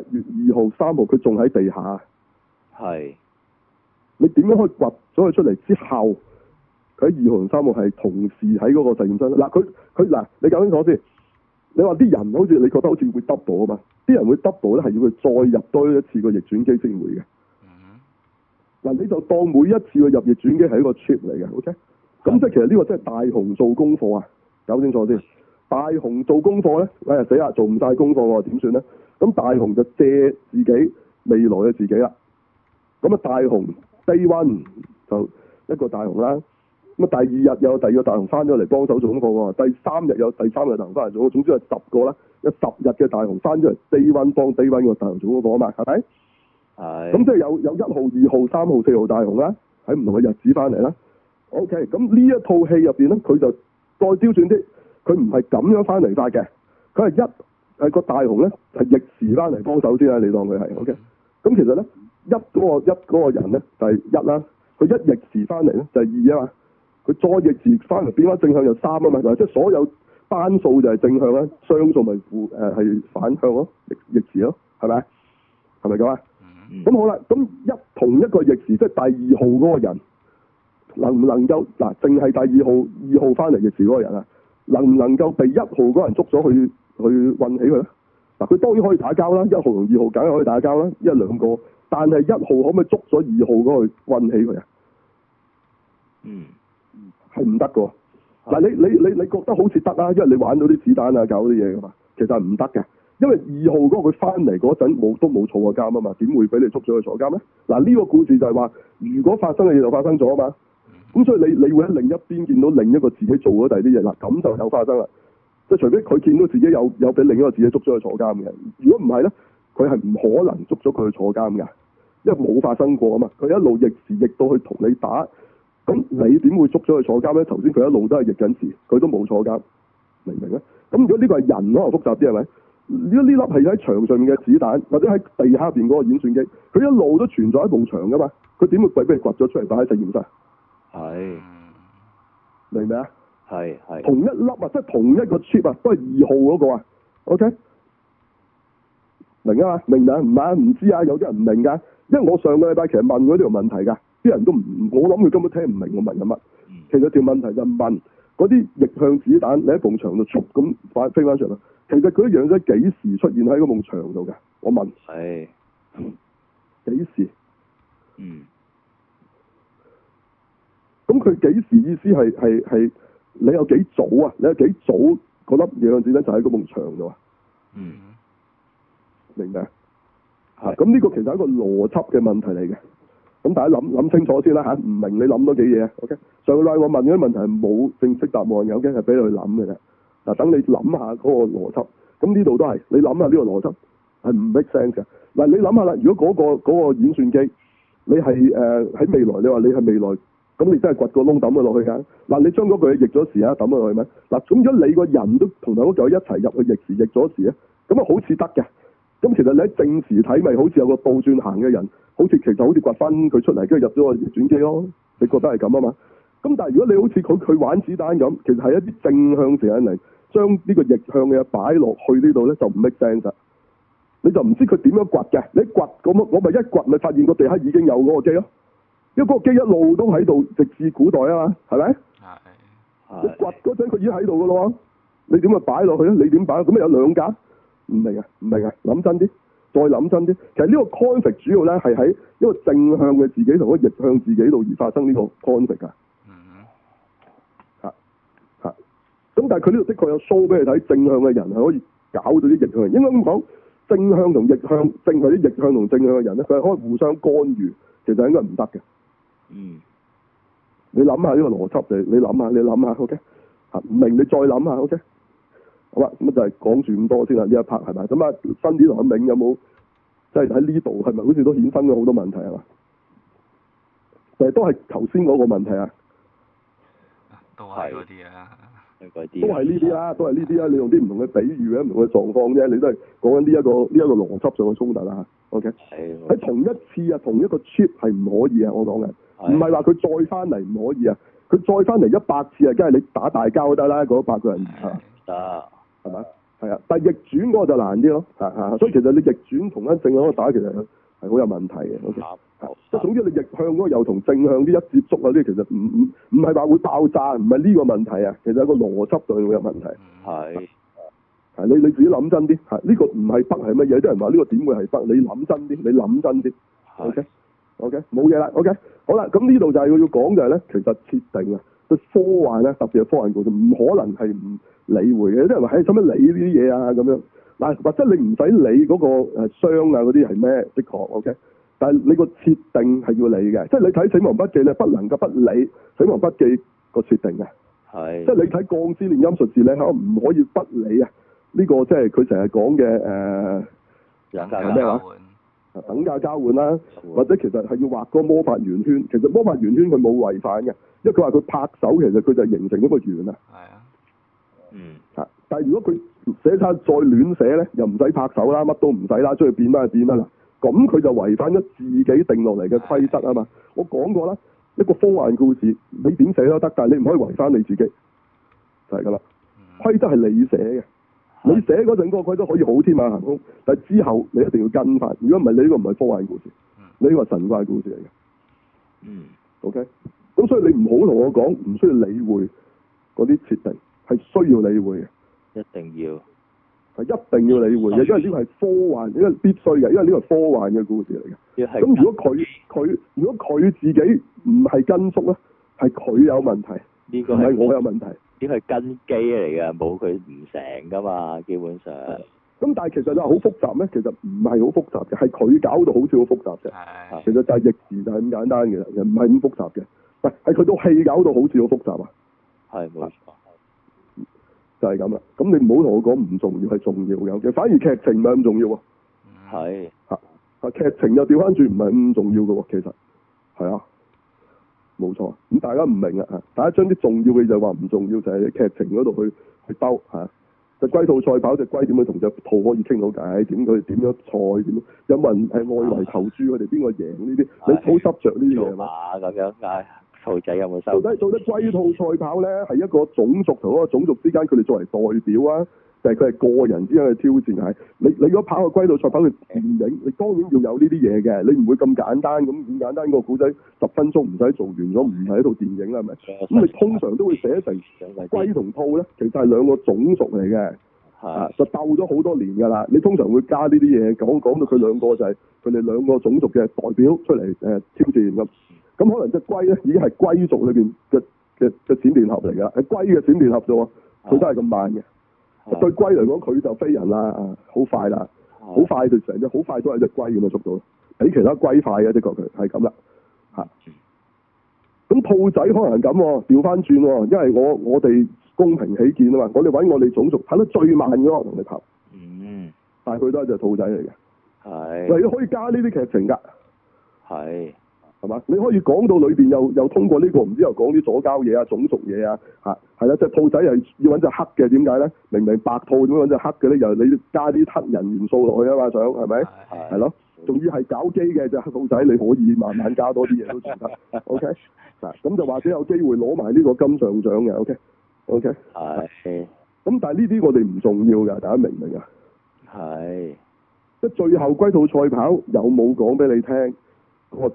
二號、三號佢仲喺地下。係，是你點樣可以掘咗佢出嚟之後，佢喺二號三號係同時喺嗰個實驗室嗱，佢佢嗱，你搞清楚先。你話啲人好似你覺得好似會 double 啊嘛，啲人會 double 咧係要佢再入多一次個逆轉機先會嘅。嗱、uh huh.，你就當每一次嘅入逆轉機係一個 trip 嚟嘅，OK？咁即係的其實呢個真係大雄做功課啊！搞清楚先，大雄做功課咧，哎呀死啦，做唔晒功課喎，點算咧？咁大雄就借自己未來嘅自己啦。咁啊，大雄 Day one 就一個大雄啦。咁啊，第二日有第二個大雄翻咗嚟幫手做嗰個。第三日有第三個大雄翻嚟做。總之係十個啦是，有十日嘅大雄翻咗嚟，Day one 幫 Day one 個大雄做嗰個啊嘛，係咪？係。咁即係有有一號、二號、三號、四號大雄啦，喺唔同嘅日子翻嚟啦。OK，咁呢一套戲入邊咧，佢就再刁鑽啲，佢唔係咁樣翻嚟曬嘅。佢係一係、嗰個大雄咧係逆時翻嚟幫手啲啊，你當佢係 OK。咁其實咧。一嗰個一嗰個人咧，就係、是、一啦。佢一逆時翻嚟咧，就係、是、二啊嘛。佢再逆時翻嚟，變翻正向就三啊嘛。嗱，即係所有單數就係正向啦，雙數咪負誒、呃、係反向咯，逆逆時咯，係咪？係咪咁啊？咁、嗯嗯、好啦，咁一同一個逆時，即係第二號嗰個人，能唔能夠嗱？淨係第二號二號翻嚟逆時嗰個人啊，能唔能夠被一號嗰人捉咗去去運起佢咧？嗱，佢當然可以打交啦。一號同二號梗係可以打交啦，一兩個。但係一號可唔可以捉咗二號嗰個困起佢、嗯、啊？嗯、啊，係唔得噶嗱，你你你你覺得好似得啦，因為你玩到啲子彈啊，搞啲嘢噶嘛，其實係唔得嘅。因為二號嗰個佢翻嚟嗰陣冇都冇坐過監啊嘛，點會俾你捉咗去坐監咧？嗱、啊、呢、這個故事就係話，如果發生嘅嘢就發生咗啊嘛。咁所以你你會喺另一邊見到另一個自己做咗第二啲嘢啦，咁、啊、就有發生啦。即係除非佢見到自己有有俾另一個自己捉咗去坐監嘅，如果唔係咧，佢係唔可能捉咗佢去坐監噶因為冇發生過啊嘛，佢一路逆時逆到去同你打，咁你點會捉咗佢坐監咧？頭先佢一路都係逆緊時，佢都冇坐監，明唔明啊？咁如果呢個係人可能複雜啲係咪？如果呢粒係喺牆上面嘅子彈，或者喺地下邊嗰個演算機，佢一路都存在喺埲牆噶嘛。佢點會鬼俾你掘咗出嚟擺喺實驗室？係 Hey.，明唔明啊？係係，同一粒啊，即係同一個 trip 啊，都係二號嗰個啊，OK。明啊明啊，唔係唔知啊，有啲人唔明噶。因為我上個禮拜其實問過嗰條問題噶，啲人都唔，我諗佢根本聽唔明我問緊乜，嗯。其實條問題就問嗰啲逆向子彈，你喺埲牆度速咁快飛翻上嚟。其實佢個樣幾時出現喺個牆度嘅？我問。係，哎。幾時？嗯。咁佢幾時意思係係係你有幾早啊？你有幾早嗰粒逆向子彈就喺個牆度啊？嗯。明白？嚇的，咁呢個其實係一個邏輯嘅問題嚟嘅。咁大家諗諗清楚先啦嚇，唔、啊、明你諗多幾嘢。OK，上個禮拜我問嗰啲問題冇正式答案，有啲係俾你去諗嘅啫。嗱、啊，等你諗下嗰個邏輯。咁呢度都係你諗下呢個邏輯係唔 make sense 嘅嗱、啊。你諗下啦，如果嗰、嗰個嗰個演算機你係誒喺未來，你話你係未來咁、啊，你真係掘個窿抌佢落去啊嗱？嗱你將嗰句譯咗時啊抌落去咩嗱？咁如果你個人都同嗰個電腦一齊入去譯時譯咗時咧，咁啊好似得嘅。咁其實你喺正時睇，咪好似有個倒轉行嘅人，好似其實好似掘翻佢出嚟，跟住入咗個轉機咯。你覺得係咁啊嘛？咁但係如果你好似佢佢玩子彈咁，其實係一啲正向時間嚟，將呢個逆向嘅嘢擺落去呢度咧，就唔 make sense。你就唔知佢點樣掘嘅。你掘咁我咪一掘咪發現個地下已經有嗰個機咯。因為嗰個機一路都喺度直至古代啊嘛，係咪、啊啊？你掘嗰陣佢已經喺度噶啦，你點樣擺落去啊？你點擺？咁啊有兩架。唔明啊，唔明啊！諗真啲，再諗真啲。其實呢個 conflict 主要咧係喺一個正向嘅自己同一個逆向自己度而發生呢個 conflict 噶。吓吓、啊，咁、啊、但係佢呢度的確有 show 俾你睇，正向嘅人係可以搞到啲逆向。應該咁講，正向同逆向，正向啲逆向同正向嘅人咧，佢係可以互相干預，其實應該唔得嘅。嗯。你諗下呢個邏輯，你你諗下，你諗下，OK 吓，唔、okay? 啊、明你再諗下，OK。好啦，咁就係講住咁多先啦，呢一 part 係咪？咁啊，Sunny 同阿銘有冇即係喺呢度？係咪好似都衍生咗好多問題啊？就係都係頭先嗰個問題啊，啊。都係啲啊，啲。都係呢啲啊，都係呢啲啊。你用啲唔同嘅比喻啊，唔同嘅狀況啫。你都係講緊呢一個呢一個邏輯上嘅衝突啦、啊。OK 係。喺同一次啊，同一個 trip 係唔可以啊。我講嘅，唔係話佢再翻嚟唔可以啊。佢再翻嚟一百次啊，梗係你打大交都得啦。嗰一百個人啊，得係咪？係啊，但係逆轉嗰個就難啲咯，啊啊！所以其實你逆轉同翻正嗰個打，其實係好有問題嘅。好、okay? 嗯，即、嗯、係總之你逆向嗰個又同正向呢一接觸嗰啲，其實唔唔唔係話會爆炸，唔係呢個問題啊，其實一個邏輯上會有問題。係係，你你自己諗真啲，係呢、啊呢個唔係北係乜嘢？啲人話呢個點會係北，你諗真啲，你諗真啲。嗯、OK OK，冇嘢啦。OK，好啦，咁呢度就係佢要講就係咧，其實設定啊。科幻咧，特別係科幻故事，唔可能係唔理會嘅。有啲人話，係使唔使理呢啲嘢啊？咁樣，嗱，或者你唔使理嗰個誒傷啊，嗰啲係咩？Okay? 的確，OK。但係你個設定係要理嘅，即係你睇《死亡筆記》咧，不能夠不理《死亡筆記》個設定啊。係的。即係你睇《鋼之煉金術士》咧，嚇唔可以不理啊？呢個即係佢成日講嘅誒，咩話？等價交換啦，或者其實係要畫個魔法圓圈。其實魔法圓圈佢冇違反嘅，因為佢話佢拍手，其實佢就形成一個圓啦。係啊，嗯， *noise* 啊，但係如果佢寫晒再亂寫咧，又唔使拍手啦，乜都唔使啦，出去變啦就變啦啦，咁佢就違反咗自己定落嚟嘅規則啊嘛。 *noise* 我講過啦，一個科幻故事你點寫都得，但係你唔可以違反你自己，就係噶啦。規則係你寫嘅。你寫嗰陣，個佢都可以好天馬行空，但係之後你一定要跟翻，如果唔係你呢個唔係科幻故事，你呢個係神怪故事嚟嘅。嗯。O K，咁所以你唔好同我講，唔需要理會嗰啲設定，係需要理會嘅。一定要，係一定要理會嘅，因為呢個係科幻，呢個係必須嘅，因為呢個係科幻嘅故事嚟嘅。咁如果佢佢如果佢自己唔係跟足咧，係佢有問題。呢個係我有問題，呢個係根基嚟㗎，冇佢唔成㗎嘛，基本上。咁、嗯、但係其，其，唉其實話好複雜咩？其實唔係好複雜，係佢搞到好似好複雜啫。其實就係逆時就係咁簡單嘅，又唔係咁複雜嘅。喂，係佢都係搞到好似好複雜啊。係冇錯，就係咁啦。咁你唔好同我講唔重要，係重要嘅，反而劇情唔係咁重要喎。唔係嚇，劇情又調翻轉唔係咁重要嘅喎，其實係啊。冇錯，咁大家唔明啊嚇，大家將啲重要嘅就話唔重要，就係劇情嗰度去去兜嚇。就、啊、龜兔賽跑隻龜點樣同隻兔可以傾到偈？點佢點樣賽？點樣有冇人係外圍投注？佢哋邊個贏呢啲？唉你好執着呢啲嘢嘛？咁樣唉，兔仔有冇收？到底做得龜兔賽跑咧，係一個種族同一個種族之間佢哋作為代表啊？就係佢係個人之間嘅挑戰，係你你如果跑個龜到再跑去電影，你當然要有呢啲嘢嘅，你唔會咁簡單咁好簡單、那個古仔十分鐘唔使做完咗，唔係一套電影啦係咪？咁 *music* 你通常都會寫成龜同兔咧，其實係兩個種族嚟嘅，的啊就鬥咗好多年㗎啦。你通常會加呢啲嘢講講到佢兩個就係佢哋兩個種族嘅代表出嚟誒挑戰咁。咁、嗯、可能隻龜咧已經係龜族裏邊嘅嘅嘅閃電俠嚟㗎，係龜嘅閃電俠啫，佢真係咁慢嘅。對龜嚟講，佢就飛人啦，好快啦，好快就成隻，好快都係隻龜咁樣速度，比其他龜快嘅，的確佢係咁啦。吓，咁、嗯、兔仔可能咁調翻轉，因為我我哋公平起見啊嘛，我哋搵我哋種族睇得最慢嘅可能係兔，嗯，但係佢都係隻兔仔嚟嘅，係的，你可以加呢啲劇情噶，係。係嘛？你可以講到裏邊又又通過呢、這個，唔知又講啲左膠嘢啊、種族嘢啊，嚇係啦，即係兔仔係要揾隻黑嘅，點解咧？明明白兔點解揾隻黑嘅咧？又你加啲黑人元素落去 *laughs* 啊嘛，想係咪？係係咯，仲要係搞基嘅隻黑兔仔，你可以慢慢加多啲嘢都得。OK，咁就或者有機會攞埋呢個金像獎嘅。OK，OK 係。咁但係呢啲我哋唔重要㗎，大家明唔明啊？係。 *laughs* *laughs* 即係最後龜兔賽跑有冇講俾你聽？我。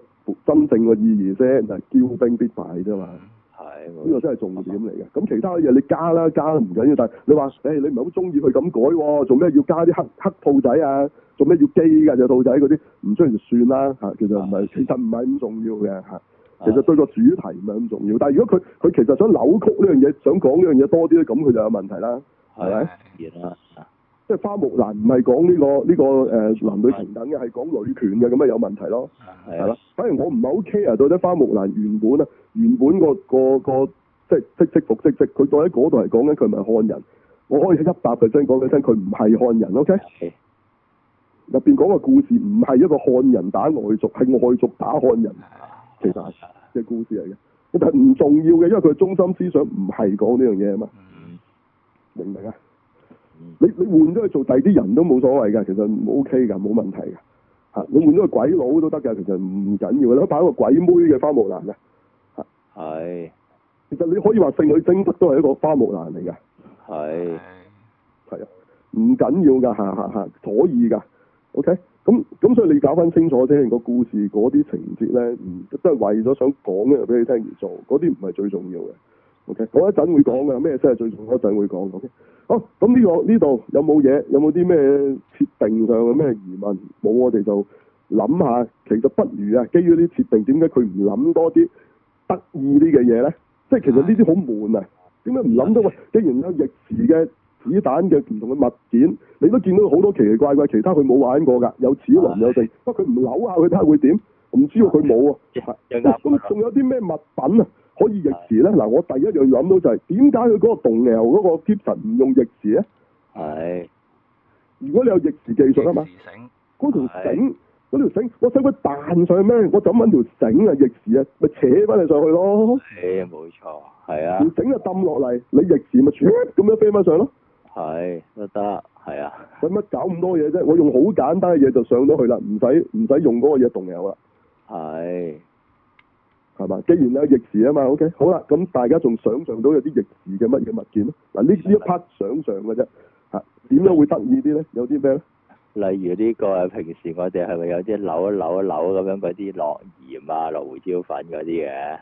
真正嘅意義啫，就係、是、驕兵必敗啫嘛。係的，呢個真係重點嚟嘅。咁的其他嘢你加啦，加唔緊要。但係你話，誒、哎，你唔係好中意佢咁改喎？做咩要加啲黑黑兔仔啊？做咩要機㗎？隻兔仔嗰啲唔中意就算啦。嚇，其實唔係，其、啊、實唔係咁重要嘅嚇。的其實對個主題唔係咁重要。但係如果佢佢其實想扭曲呢樣嘢，想講呢樣嘢多啲咧，咁佢就有問題啦。係咪？即係花木蘭唔係講呢個呢、這個誒、呃、男女平等嘅，係講女權嘅咁啊有問題咯，係啦 Yes.。反而我唔係好 care 到底花木蘭原本啊原本、那個、那個、那個即係即即服即即，佢對喺嗰度嚟講緊，佢唔係漢人。我可以喺一百 percent 講緊聲，佢唔係漢人。O K，入邊講個故事唔係一個漢人打外族，係外族打漢人，其實係，即係故事嚟嘅。但係唔重要嘅，因為佢中心思想唔係講呢樣嘢啊嘛，mm. 明唔明啊？你你換咗去做第二啲人都冇所謂噶，其實 O K 噶，冇問題噶。吓、啊，你換咗個鬼佬都得嘅，其實唔緊要啦。擺個鬼妹嘅花木蘭嘅，係、啊。的其實你可以話，聖女貞德都係一個花木蘭嚟嘅。係的。係啊，唔緊要噶，吓吓吓，可以噶。O K，咁咁，所以你搞翻清楚先，個故事嗰啲情節咧，唔、嗯、都係為咗想講咧，俾你聽而做，嗰啲唔係最重要嘅。Okay, 我一陣會講嘅，咩真係最重？我一陣會講。Okay? OK，好，咁呢個呢度有冇嘢？有冇啲咩設定上嘅咩疑問？冇，我哋就諗下。其實不如於不實啊，基於啲設定，點解佢唔諗多啲得意啲嘅嘢咧？即係其實呢啲好悶啊！點解唔諗到？喂，既然有逆時嘅子彈嘅唔同嘅物件，你都見到好多奇奇怪怪，其他佢冇玩過噶，有齒輪，有地、啊，不過佢唔扭下佢睇下會點？唔知道佢冇啊。咁，仲、嗯喔、有啲咩物品啊？可以逆時咧嗱，我第一樣諗到就係點解佢嗰個動流嗰個 keep 神唔用逆時咧？係。如果你有逆時技術啊嘛，嗰條繩，嗰條繩，我使唔使彈上去咩？我就咁揾條繩啊，逆時啊，咪扯翻你上去咯。係冇錯，係啊。條繩就抌落嚟，你逆時咪唰咁樣飛翻上咯。係都得，係啊。使乜搞咁多嘢啫？我用好簡單嘅嘢就上到去啦，唔使唔使用嗰個嘢動流啦。係。係嘛？既然有逆時啊嘛，OK，好啦，咁大家仲想像到有啲逆時嘅乜嘢物件呢？嗱，呢啲一 part 想像嘅啫，嚇、啊，點樣會得意啲呢？有啲咩呢？例如呢、呢個平時我哋係咪有啲扭一扭一扭咁樣嗰啲落鹽啊、落胡椒粉嗰啲嘅？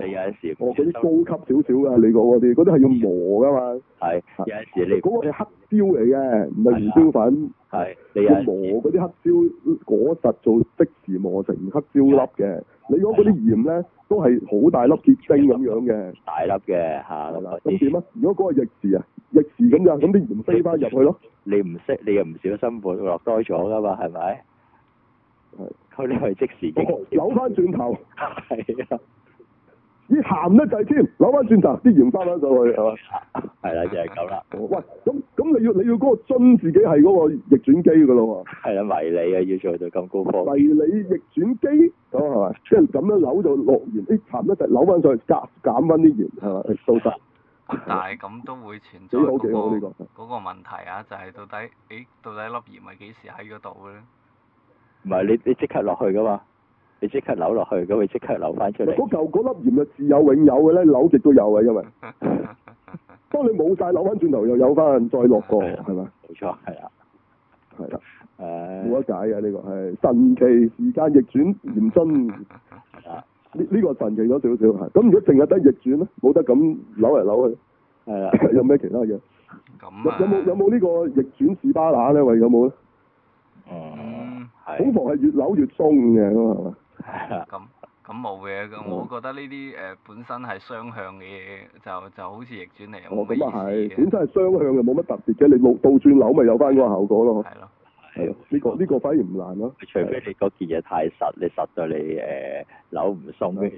你有陣時，嗰啲高級少少噶，你講我哋嗰啲係要磨噶嘛。係。有陣時你嗰個係黑椒嚟嘅，唔係胡椒粉。係。你要磨嗰啲黑椒果實做即時磨成黑椒粒嘅，你講嗰啲鹽咧，都係好大粒結晶咁樣嘅。大粒嘅嚇嗰個。咁點啊？如果嗰個逆時啊，逆時咁樣，咁啲鹽飛翻入去咯？你唔識，你又唔小心佢落多咗噶嘛？係咪？佢呢個係即時扭翻轉頭。係啊。啲鹹得滯添，扭翻轉頭啲鹽翻翻上去，係嘛？係啦，就係咁啦。喂，咁咁你要你要嗰個樽自己係嗰個逆轉機噶啦嘛？係啦，迷你呀要上去就咁高科迷你逆轉機，咁係嘛？即係咁樣扭到落鹽，你鹹得滯扭翻上去，減減翻啲鹽係嘛？都得，但係咁都會存在嗰個嗰個問題啊，就係到底誒，到底粒鹽係幾時喺嗰度咧？唔係你你即刻落去噶嘛？你即刻扭落去，咁你即刻扭翻出嚟。嗰嚿粒鹽啊，自有永有嘅咧，扭極都有嘅。因為當你冇晒扭翻轉頭又有翻，再落過係嘛？冇錯，係啊，係啦，誒，冇得解嘅，呢個係神奇時間逆轉鹽針。啊！呢呢個神奇咗少少吓。咁如果淨係得逆轉咧，冇得咁扭嚟扭去，係啊？有咩其他嘢？咁有冇有冇呢個逆轉士巴拿咧？或者有冇咧？哦，係。恐防係越扭越鬆嘅咁啊嘛～咁咁冇嘅，我覺得呢啲誒本身係雙向嘅嘢，就就好似逆轉嚟，冇乜意思嘅。本身係雙向嘅，冇乜特別嘅。你六倒轉扭咪有翻個效果咯。係咯，係。呢個呢個反而唔難咯。除非你嗰件嘢太實，你實到你誒扭唔鬆，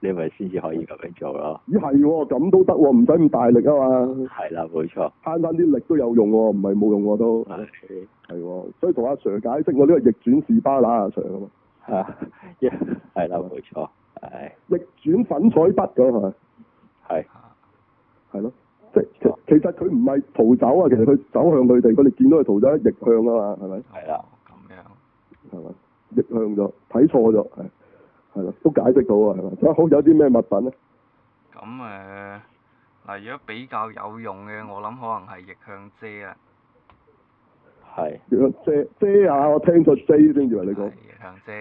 你咪先至可以咁樣做咯。咦係，咁都得喎，唔使咁大力啊嘛。係啦，冇錯。慳翻啲力都有用喎，唔係冇用喎都。係。係喎，所以同阿 Sir 解釋，我呢個逆轉是巴拿阿 Sir 啊嘛。啊，一係啦，冇錯，係 *laughs* 逆轉粉彩筆噶咯，係咪？係，係咯，即其實佢唔係逃走啊，其實佢走向佢哋，佢哋見到佢逃走，走向逃逆向啊嘛，係咪？係啦，咁樣，係咪？逆向咗，睇錯咗，係，係啦，都解釋到啊，係咪？啊好，有啲咩物品咧？咁誒，嗱、呃，如果比較有用嘅，我諗可能係逆向遮。啊。係，如果是遮遮啊，我聽咗遮先至話你講，遮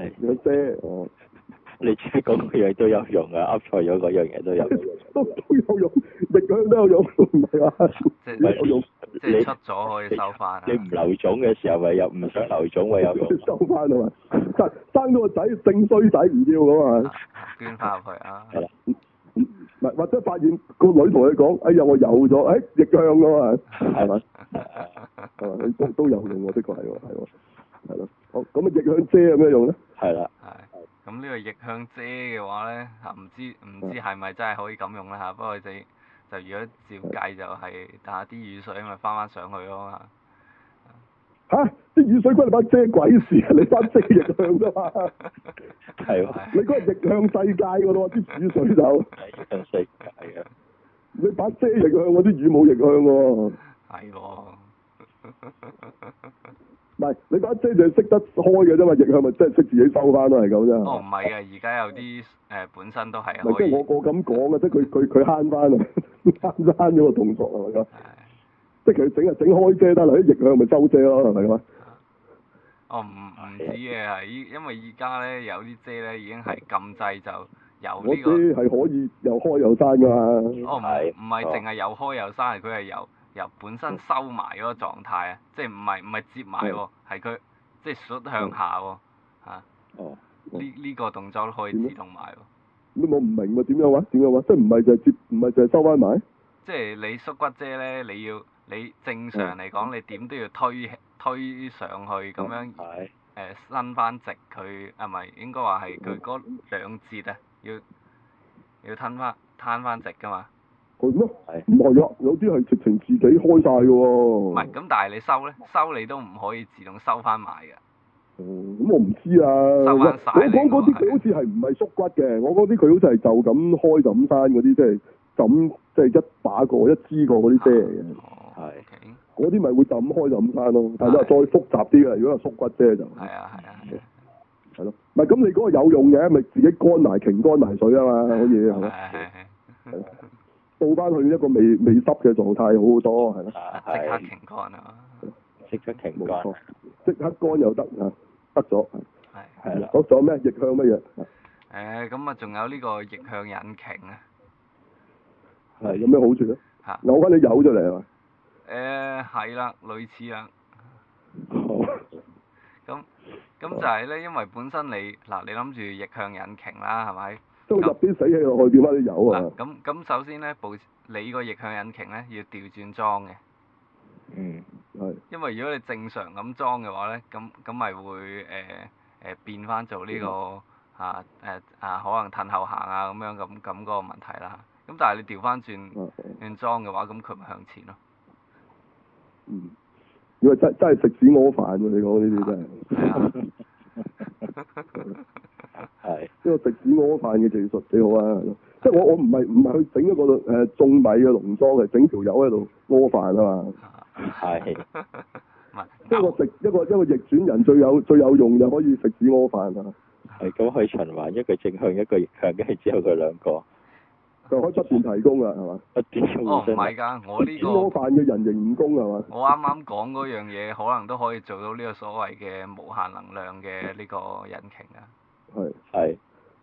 係，如果是遮哦，我 *laughs* 你即係講個嘢，都有用噶，噏錯咗嗰樣嘢,都有用，都都有用，食咗都有用，唔係話，即係有用，即係出咗可以收翻。啊，你唔留種嘅時候咪又唔想留種咪有用， *laughs* 收翻回啊 *laughs* 但嘛，生生到個仔正衰仔唔要咁嘛。捐翻入去啊。 *laughs* 或者發現個女同你講：哎呀，我遊咗，誒、欸、逆向㗎嘛，係咪？ *laughs* 都有用喎，我的確係喎，係喎，係咯。好，咁啊逆向遮有咩用咧？係啦的，係。咁呢個逆向遮嘅話咧，唔知唔知係咪真係可以咁用咧嚇？不過就就如果照計就係打啲雨水咪翻翻上去咯嘛。吓！啲、啊、雨水關你把遮鬼事啊！你把遮逆向啫嘛，係喎。你嗰個逆向世界噶咯啲雨水就逆 *laughs* 向世界，啊！你把遮逆向，我啲雨冇逆向喎。係喎。唔係你把遮就識得開嘅啫嘛，逆向咪真係識自己收翻咯，係咁啫。哦，唔係啊，而家有啲誒、呃、本身都係。啊。即係我我咁講嘅，即係佢佢佢慳翻，慳翻咗個動作啊。咪即係佢整啊整開遮，得啦啲逆向咪收遮咯，明嘛？哦，唔唔止嘅，係因為而家咧有啲遮咧已經係咁滯就由呢個。我啲係可以又開又閂㗎。哦，唔唔係淨係又開又閂，佢係由由本身收埋嗰個狀態啊，即係唔係唔係接埋喎，係佢即係縮向下喎哦。呢呢個動作都可以自動埋喎。咁我唔明喎，點樣話？點樣話？即係唔係就係接？唔係就係收翻埋？即係你縮骨遮咧，你要。你正常嚟講，你點都要推推上去咁樣，誒、呃、伸翻直佢，啊係咪應該話係佢嗰兩節啊，要要攤翻攤翻直噶嘛？係咩、欸？係唔係啊？有啲係直情自己開晒嘅喎。唔係咁，但係你收咧，收你都唔可以自動收翻埋嘅。哦、嗯，咁、嗯、我唔知啊。收翻晒？我講嗰啲佢好似係唔係縮骨嘅，我嗰啲佢好似係就咁開就咁攤嗰啲，即係就咁即係一把個一支個嗰啲遮嚟嘅。 *music* 係嗰啲咪會抌開就抌翻咯，係咯、係，但係再複雜啲嘅，如果係縮骨啫就係啊係啊係咯，係咁你嗰個有用嘅，咪自己乾埋擎乾埋水啊嘛，可以係咪？係，倒翻去一個未未濕嘅狀態好好多係咯，即刻擎乾啊，即刻擎乾，即刻乾又得啊，得咗係係啊，好咗咩？逆向乜嘢？誒，咁啊，仲有呢個逆向引擎啊，係有咩好處咧？吓嗱，我幫你揉咗嚟啊！誒係啦，類似啊。咁咁就係咧，嗯嗯、因為本身你嗱你諗住逆向引擎啦，係咪？都入邊使去改變翻啲油啊！咁咁、嗯嗯嗯、首先咧，部你個逆向引擎咧要調轉裝嘅。嗯，係。因為如果你正常咁裝嘅話咧，咁咁咪會誒誒、呃呃、變翻做呢、呢個啊誒、呃、啊可能褪後行啊咁樣咁咁嗰個問題啦。咁、嗯、但係你調翻轉,轉裝嘅話，咁佢咪向前咯。嗯，因為真真係食紙食屎屙飯喎？你講呢啲真係係啊，呢 *laughs* *laughs* 個食屎屙飯嘅技術幾好啊！即係我 *laughs* 我唔係唔係去整一個誒、呃、種米嘅農莊嚟整條友喺度屙飯啊嘛，係，即係個食一個一個逆轉人最有最有用就可以食屎屙飯啊！係咁可以循環一個正向一個逆向，咁係只有佢兩個。笑 *laughs* *laughs* 就可以不斷提供啦，係嘛？哦，唔係㗎，我呢、這個魔幻嘅人形蜈蚣係嘛？我啱啱講嗰樣嘢， *laughs* 可能都可以做到呢個所謂嘅無限能量嘅呢個引擎啊。係。係。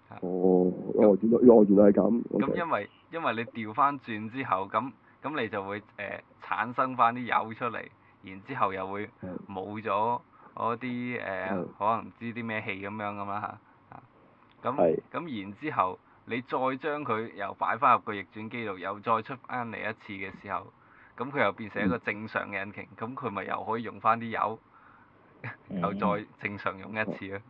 是哦，原來那原來原來係咁。咁那 okay 因為因為你調翻轉之後，咁咁你就會誒、呃、產生翻啲油出嚟，然後之後又會冇咗嗰啲誒可能唔知啲咩氣咁樣咁啦嚇。咁、啊、咁是然之後，後。你再將佢又擺翻入個逆轉機度，又再出翻嚟一次嘅時候，咁佢又變成一個正常嘅引擎，咁佢咪又可以用翻啲油，又再正常用一次咧？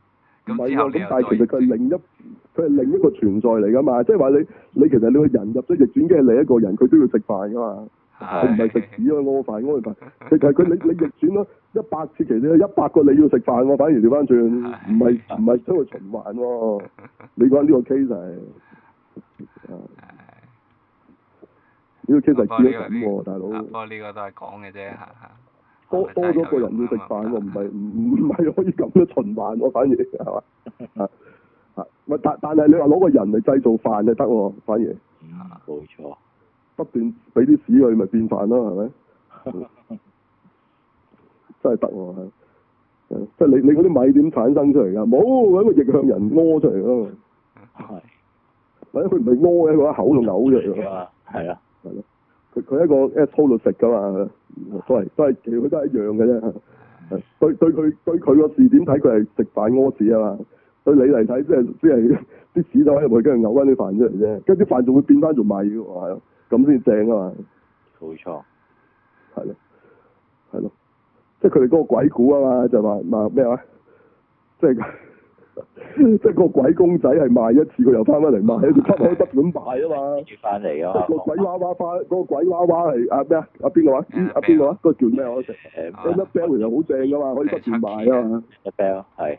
唔係喎，咁 *laughs* 但係其實佢另一，佢係另一個存在嚟噶嘛？即係話你，你其實你個人入咗逆轉機係另一個人，佢都要食飯噶嘛？佢唔係食屎啊，我飯我飯，係係佢你你逆轉咯，一百次期你有一百個你要食飯喎，反而調翻轉，唔係唔係都係循環喎。你講呢個 case 係呢、啊呢個 case 係 G S 喎，大佬。不、啊、呢個都係講嘅啫多多咗個人要食飯喎，唔係唔唔係可以咁樣循環喎，反而係嘛、啊啊、但但係你話攞個人嚟製造飯就得喎，反而冇、嗯、好錯。不斷俾啲屎佢，咪變飯咯，係咪？ *laughs* 真係得喎，即係你你嗰啲米點產生出嚟㗎？冇，因為逆向人屙出嚟咯。係 *laughs* ，或者佢唔係屙嘅話，口就嘔咗。係啊，係咯。佢佢一個 at hole 食噶嘛， *laughs* 所謂都係其實都係一樣嘅啫。對對，佢對佢個字點睇，佢係食飯屙屎啊嘛。對你嚟睇，即係即係啲屎就喺入邊，跟住嘔翻啲飯出嚟啫。跟住啲飯仲會變翻做米喎，係。咁先正啊嘛，冇錯，係咯，係咯，即係佢哋嗰個鬼故啊嘛，就話話咩話，即係，即係個鬼公仔係賣一次佢又翻返嚟賣，不斷不斷咁賣啊嘛，接翻嚟啊嘛，個鬼娃娃花，嗰個鬼娃娃係阿咩啊阿邊個啊？阿邊個啊？嗰個叫咩啊？嗰隻誒 Annabelle 又好正噶嘛，可以不斷賣啊嘛，Annabelle 係，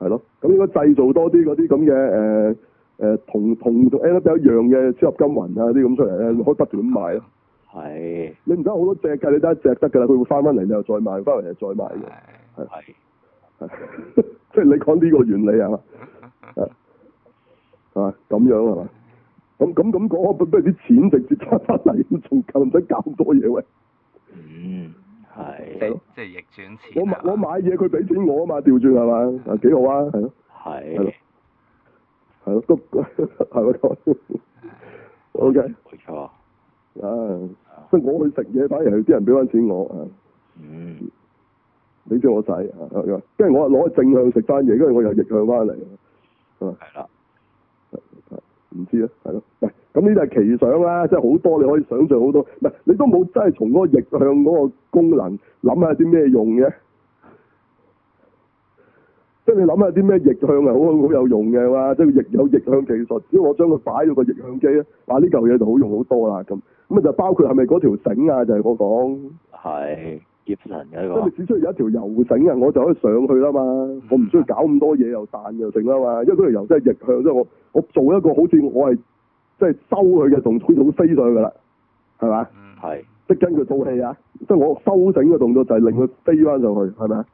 係咯，咁應該製造多啲嗰啲咁嘅誒。誒，同同 N，B，A 一樣嘅超合金雲啊啲咁出嚟咧，可以不斷咁賣咯。係是。你唔使好多隻㗎，你得一隻得噶啦，佢會翻翻嚟，你又再賣，翻嚟又再賣嘅。係。係。即係你講呢個原理 *laughs* *laughs* 啊？係。係咁樣係嘛？咁咁咁講，不如啲錢直接出翻嚟，仲夠唔使咁多嘢喂？嗯，係。即係逆轉錢，啊。我我買嘢，佢俾錢我啊嘛，調轉係嘛，啊幾好啊，係咯。係。係咯，個係咪錯？O K，冇錯。啊，即係我去食嘢，反而係啲人俾翻錢我啊。嗯。你知我仔，啊？跟住我攞去正向食翻嘢，跟住我又逆向翻嚟。係啦。唔知咧，係咯。唔咁呢啲係奇想啦，即係好多你可以想象，好多。唔你都冇真係從，嗰個逆向嗰個功能諗下啲咩用嘅。你諗下啲咩逆向係好好有用嘅哇！即係逆有逆向技術，只要我將佢擺咗個逆向機咧，話呢嚿嘢就好用好多啦咁。咁啊就包括係咪嗰條繩啊？就係、是、我講係葉晨嘅呢個。即係只需要有一條柔繩啊，我就可以上去啦嘛。我唔需要搞咁多嘢 *laughs* 又彈又剩啦嘛。因為嗰條油真係逆向，即係我我做一個好似我係即係收佢嘅動作，佢好飛上去噶啦，係嘛？嗯，係即係跟住套戲啊！是即係我收繩嘅動作就係令佢飛翻上去，係咪啊？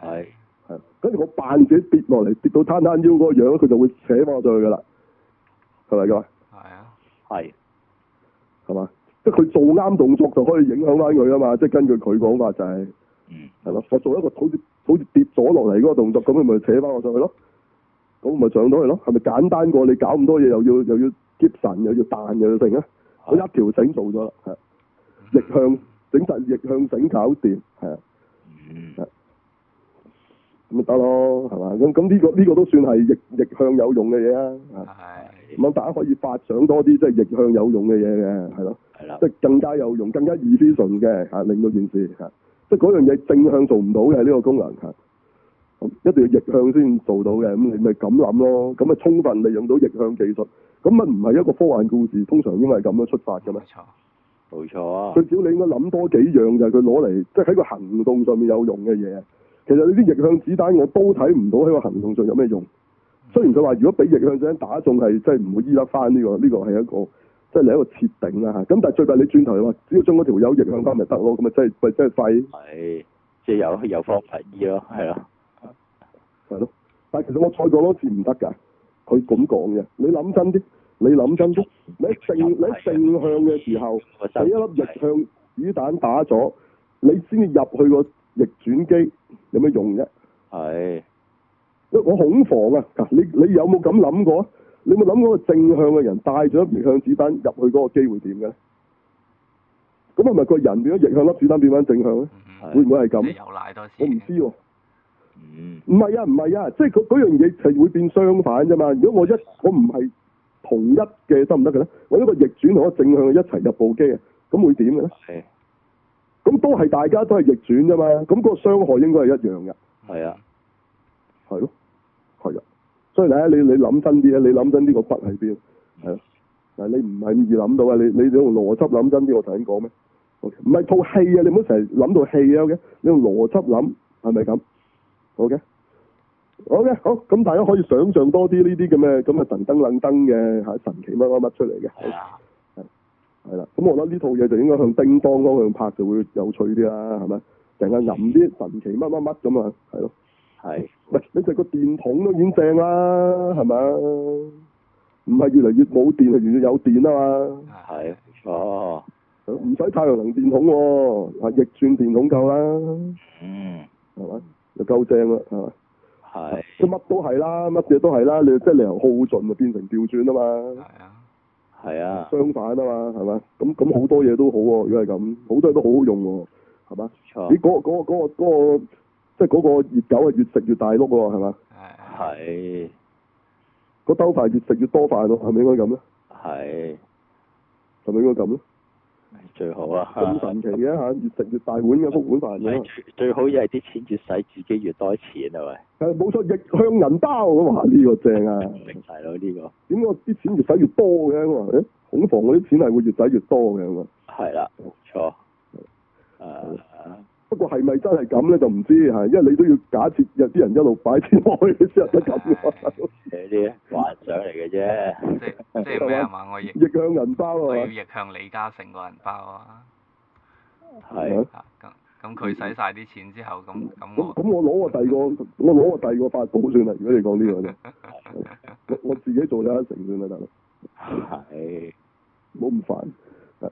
係是。係，跟住我扮自跌落嚟，跌到攤攤腰嗰個樣，佢就會扯翻我上去噶啦，係咪咁啊？係啊，係，係嘛？即係佢做啱動作就可以影響翻佢啊嘛！即係根據佢講法就係、是，係咯、嗯，我做一個好似好似跌咗落嚟嗰個動作，咁咪咪扯翻我上去咯，咁咪上到去咯？係咪簡單過你搞咁多嘢又要又要 keep 神又要彈又要剩啊？我一條繩做咗啦，係，逆向整實逆向繩搞掂，係啊，係、嗯。嗯咁咪得咯，係嘛？咁咁呢個呢、呢個都算係逆逆向有用嘅嘢啊！咁唉大家可以發想多啲即係逆向有用嘅嘢嘅，係咯，的即係更加有用、更加易啲順嘅嚇，令、啊、到件事嚇、啊，即係嗰樣嘢正向做唔到嘅呢、呢個功能嚇、啊啊，一定要逆向先做到嘅。咁的你咪咁諗咯，咁咪充分利用到逆向技術，咁咪唔係一個科幻故事，通常應該係咁樣出發嘅嘛。冇錯，冇錯。最少你應該諗多幾樣就係佢攞嚟，即係喺個行動上面有用嘅嘢。其實你啲逆向子彈我都睇唔到喺個行動上有咩用，雖然佢話如果俾逆向子彈打中係真係唔會醫得翻，呢個呢個係一個即係你一個設定啦吓，咁但係最弊你轉頭又話只要將嗰條友逆向翻咪得咯，咁咪真係咪真係廢？係即係有有方法醫咯，係咯，係咯，但係其實我再講多次唔得噶，佢咁講嘅，你諗真啲，你諗真啲，你定的你定向嘅時候你一粒逆向子彈打咗，你先至入去個。逆轉機有咩用啫？係的，我恐防啊！你你有冇咁諗過啊？你有冇諗過嗰個正向嘅人帶咗一逆向子彈入去嗰個機會點嘅咧？咁係咪個人變咗逆向粒子彈變翻正向咧？的會唔會係咁？多我唔知喎。唔係啊，唔係、嗯、啊，即係佢嗰樣嘢係會變相反啫嘛！如果我一我唔係同一嘅，得唔得嘅咧？我一個逆轉同一個正向一齊入部機啊，咁會點嘅咧？咁都係，大家都係逆轉啫嘛，咁、那個傷害應該係一樣嘅。係啊，係咯，係啊，所以咧，你你諗真啲啊，你諗真啲個筆喺邊？係啊。嗱，你唔係咁易諗到啊，你你用邏輯諗真啲，我頭先講咩？好，唔係套戲啊，你唔好成日諗到戲啊嘅，你用邏輯諗，係咪咁？好、okay, 嘅，好嘅，okay? 是是 okay? Okay, 好，咁大家可以想象多啲呢啲咁嘅，咁啊神燈冷燈嘅嚇，神奇乜乜乜出嚟嘅。我覺得呢套嘢就應該向叮當方向拍就會有趣啲啦，係咪？成日揞啲神奇乜乜乜咁啊，係咯。係是。喂，你成個電筒都已經正啦，係咪唔係越嚟越冇電，係完嚟有電啊嘛。係、啊。哦。唔使太陽能電筒喎、啊，啊逆轉電筒夠啦。嗯。係咪？就夠正啦，係嘛？係。乜都係啦，乜嘢都係啦，你即係由耗盡就變成調轉啊嘛。係啊。係啊，相反啊嘛，係嘛？咁咁好多嘢都好喎、啊，如果係咁，好多嘢都好好用喎、啊，係嘛？錯，你嗰嗰嗰個即係嗰個熱狗係越食越大碌喎，係嘛？係是。嗰兜飯越食越多飯喎、啊，係咪應該咁咧？係是。係咪應該咁咧？最好啊！咁、啊、神奇嘅、啊、嚇，越食越大碗嘅煲碗飯，最好就係啲錢越使自己越多錢係、啊、咪？係冇錯，逆向銀包咁話，呢個正啊！明晒啦呢個。點解啲錢越使越多嘅？我、哎、話恐慌嗰啲錢係會越使越多嘅。係啦，冇錯。啊！不過係咪真係咁咧？就唔知嚇，因為你都要假設有啲人一路擺錢落去先有得咁。呢啲幻想嚟嘅啫，即係俾人話？我逆逆向銀包啊，我逆向李嘉誠個人包啊。係咁咁佢使晒啲錢之後，咁咁。咁我攞個第二個，我攞個第二個法寶算啦。如果你講呢樣啫，我自己做咗一成算啦得啦。係。冇咁煩。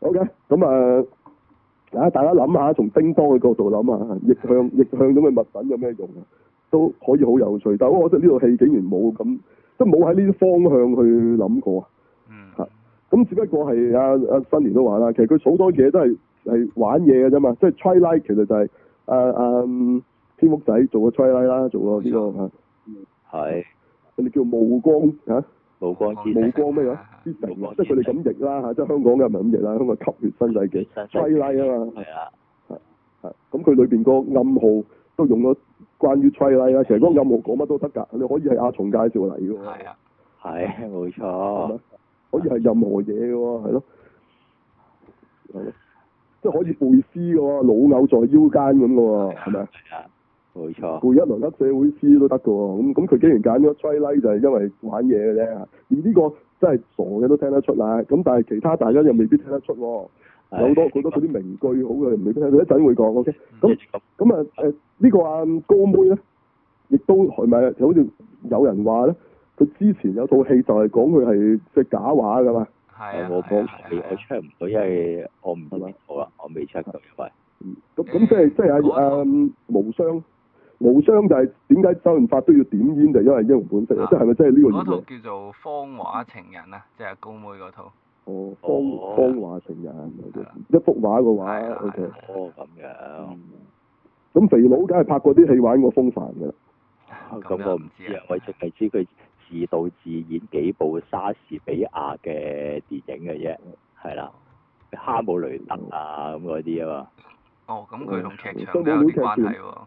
OK 咁啊。啊！大家諗下，從叮噹嘅角度諗下，逆向逆向咁嘅物品有咩用啊？都可以好有趣。但係我覺得呢套戲竟然冇咁，都冇喺呢啲方向去諗過、嗯、啊。嗯。嚇！咁只不過係阿阿 Sunny 都話啦，其實佢好多嘢都係係玩嘢嘅啫嘛。即係 try like，其實就係、是、啊啊天屋仔做個 try like 啦，做個呢個嚇。嗯，係、嗯。我哋是叫暮光嚇。暮光之、啊、光咩樣、啊？即係佢哋咁譯啦嚇，即係香港嘅唔係咁譯啦，香港吸血新世紀 Twilight 啊嘛，係啊，係係咁佢裏邊個暗號都用咗關於 Twilight 啊，成個暗號講乜都得㗎，你可以係阿松介紹嚟㗎，係啊，係冇錯，可以係任何嘢㗎喎，係咯，係咯，即係可以背詩嘅喎，老友在腰間咁嘅喎，係咪啊？係啊，冇錯，背一輪黑社會詩都得嘅喎，咁咁佢竟然揀咗 Twilight 就係因為玩嘢嘅啫，而呢個。真係傻嘅都聽得出啦。咁但係其他大家又未必聽得出喎。有好多好多嗰啲名句，好嘅又未必一陣會講。O K，咁咁啊誒呢個阿哥妹咧，亦都係咪？就好似有人話咧，佢之前有套戲就係講佢係隻假話噶嘛。係啊，我講嘅，我唱唔到，因為我唔得啦。好啦，我未唱到，拜咁咁即係即係啊！無雙。無雙就係點解周潤發都要點煙，就因為英雄本色，即係咪真係呢個原因？嗰套叫做《芳華情人》啊，即係阿高妹嗰套。哦，芳芳華情人一幅畫嘅話，O K。哦，咁樣。咁肥佬梗係拍過啲戲玩過風帆噶啦。咁我唔知啊，我淨係知佢自導自演幾部莎士比亞嘅電影嘅啫，係啦，《哈姆雷特》啊咁嗰啲啊嘛。哦，咁佢種劇團有啲係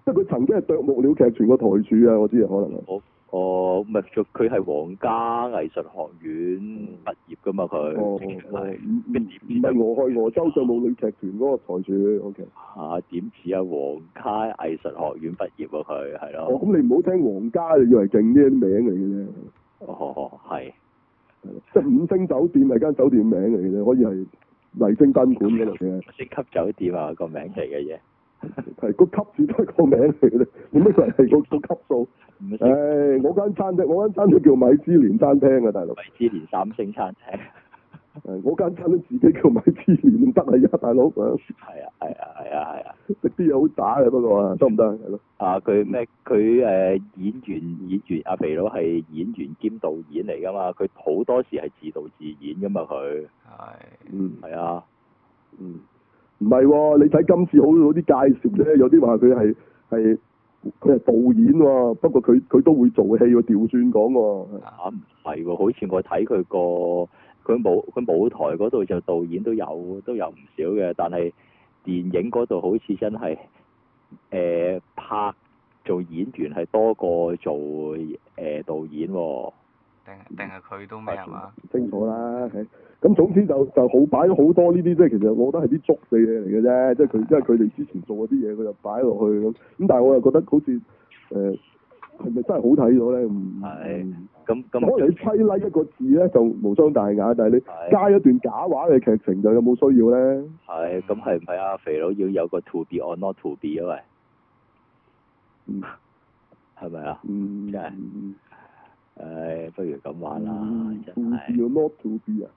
即係佢曾經係啄木鳥劇團個台柱啊，我知啊，可能。好，哦，唔係，佢係皇家藝術學院畢業噶嘛佢。哦哦唔唔係，我去鵝州就冇女劇團嗰個台柱。O K。吓，點似啊皇家藝術學院畢業啊佢係咯。哦，咁你唔好聽皇家，你以為勁啲名嚟嘅。啫。哦，係，即係五星酒店係間酒店名嚟嘅，可以係。麗晶賓館嗰度嘅，星級酒店啊個名嚟嘅嘢，係 *laughs* *laughs* 個級字都係個名嚟嘅咧，咁乜人係個個級數？誒、哎，我間餐廳，我間餐廳叫米芝蓮餐廳啊，大佬。米芝蓮三星餐廳。 *laughs* 我間餐廳自己叫埋自唔得啊？而家大佬啊，係啊，係啊，係 *laughs* 啊，係啊，食啲嘢好渣嘅，不過得唔得？係咯。啊，佢咩？佢誒，演員演員阿肥佬係演員兼導演嚟噶嘛？佢好多時係自導自演噶嘛？佢係、啊、嗯係啊，嗯，唔係喎？你睇今次好多啲介紹咧，有啲話佢係係佢係導演喎，不過佢佢都會做戲喎，調轉講喎。啊，唔係喎，好似我睇佢、個。佢舞佢舞台嗰度就導演都有都有唔少嘅，但係電影嗰度好似真係誒、呃、拍做演員係多過做誒、呃、導演喎、哦。定定係佢都咩啊？嗯嗯、清楚啦，咁、嗯、總之就就好擺咗好多呢啲，即係其實我覺得係啲捉嘅嘢嚟嘅啫，即係佢即係佢哋之前做嗰啲嘢，佢就擺落去咁。咁但係我又覺得好似誒。呃係咪真係好睇咗咧？唔、嗯，咁咁，可能你吹拉一個字咧就無傷大雅，但係你加一段假話嘅的劇情就有冇需要咧？係，咁係唔係阿肥佬要有個 to be or not to be 啊？呃、嗯？係咪啊？真係、嗯，誒、哎，不如咁玩啦。To be or not to be 啊？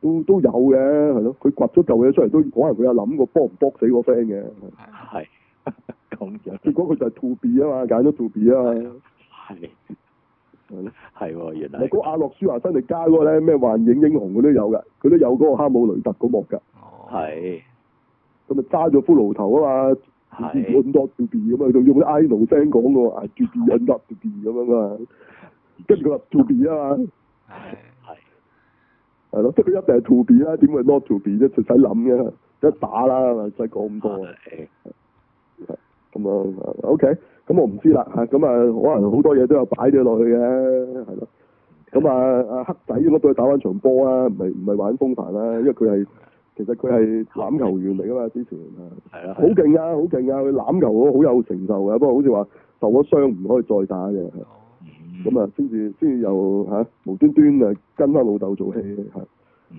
都都有嘅，係咯。佢掘咗嚿嘢出嚟，都可能佢有諗過幫唔幫死個 friend 嘅。係。結果佢就係 to be 啊嘛，揀咗 to be 啊嘛，係，係喎原來。嗰阿諾舒華辛力加嗰個咧，咩幻影英雄佢都有嘅，佢都有嗰個哈姆雷特嗰幕噶，係，咁咪揸咗骷髏頭啊嘛，係，換咗 to be 咁啊，仲用嗰啲哀嚎聲講噶，嗌住 B 忍 to be 咁啊嘛，跟住佢入 to be 啊嘛，係，係，係咯，即係佢一定係 to be 啦，點會 not to be 啫？就使諗嘅？一打 meet 啦 outreach，咪使講咁多。咁啊，OK，咁、嗯、我唔知啦嚇，咁、嗯、啊，嗯、可能好多嘢都有擺咗落去嘅，係咯。咁啊、嗯，阿黑、嗯、仔應該都係打翻場波啊，唔係唔係玩風帆啦，因為佢係其實佢係籃球員嚟噶嘛、嗯、之前、嗯、啊，啊，好勁啊，好勁啊，佢籃球好有成就嘅，不過好似話受咗傷唔可以再打嘅，咁、嗯嗯嗯、啊，先至先至又嚇無端端啊跟翻老豆做戲嚇。嗯，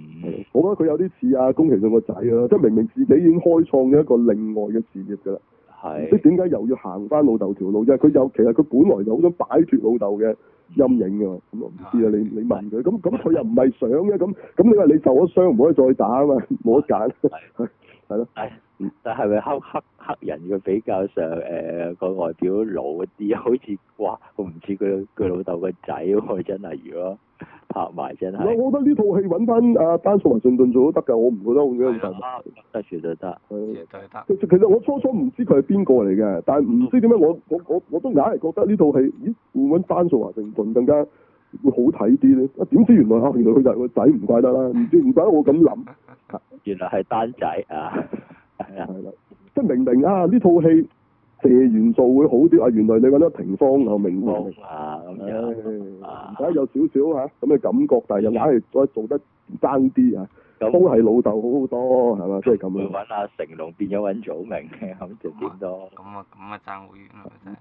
我覺得佢有啲似阿宮崎駿個仔咯，即係明，明明自己已經開創咗一個另外嘅事業㗎啦。嗯嗯嗯係，即點解，又要行翻老豆條路？即係佢又其實佢本來就好想擺脫老豆嘅陰影嘅嘛。咁我唔知啊，你你問佢。咁咁佢又唔係想嘅。咁咁你話你受咗傷唔可以再打啊嘛，冇得揀。 *laughs* 係咯，誒，哎嗯、但係咪黑黑黑人嘅比較上，誒、呃、個外表老一啲，好似哇我唔似佢佢老豆個仔喎，真係如果拍埋真係。嗯嗯、我覺得呢套戲揾翻阿丹素華盛頓做都得㗎，我唔覺得會咁樣。得住就、嗯、得住，其實得。其實我初初唔知佢係邊個嚟嘅，但係唔知點解我我我我，我都硬係覺得呢套戲，咦，揾翻丹素華盛頓更加。會好睇啲咧？啊，點知原來啊，原來佢就係個仔，唔怪得啦，唔知唔怪得我咁諗。原來係單仔啊！係啊，係咯，即係明明啊，呢套戲謝賢做會好啲啊，原來你揾得平方啊，明唔明啊？咁樣唔怪有少少嚇咁嘅感覺，但係又硬係再做得爭啲啊，都係老豆好好多，係嘛？即係咁樣。揾阿成龍變咗揾祖名嘅，咁就咁啊，咁啊爭會員啊，真係。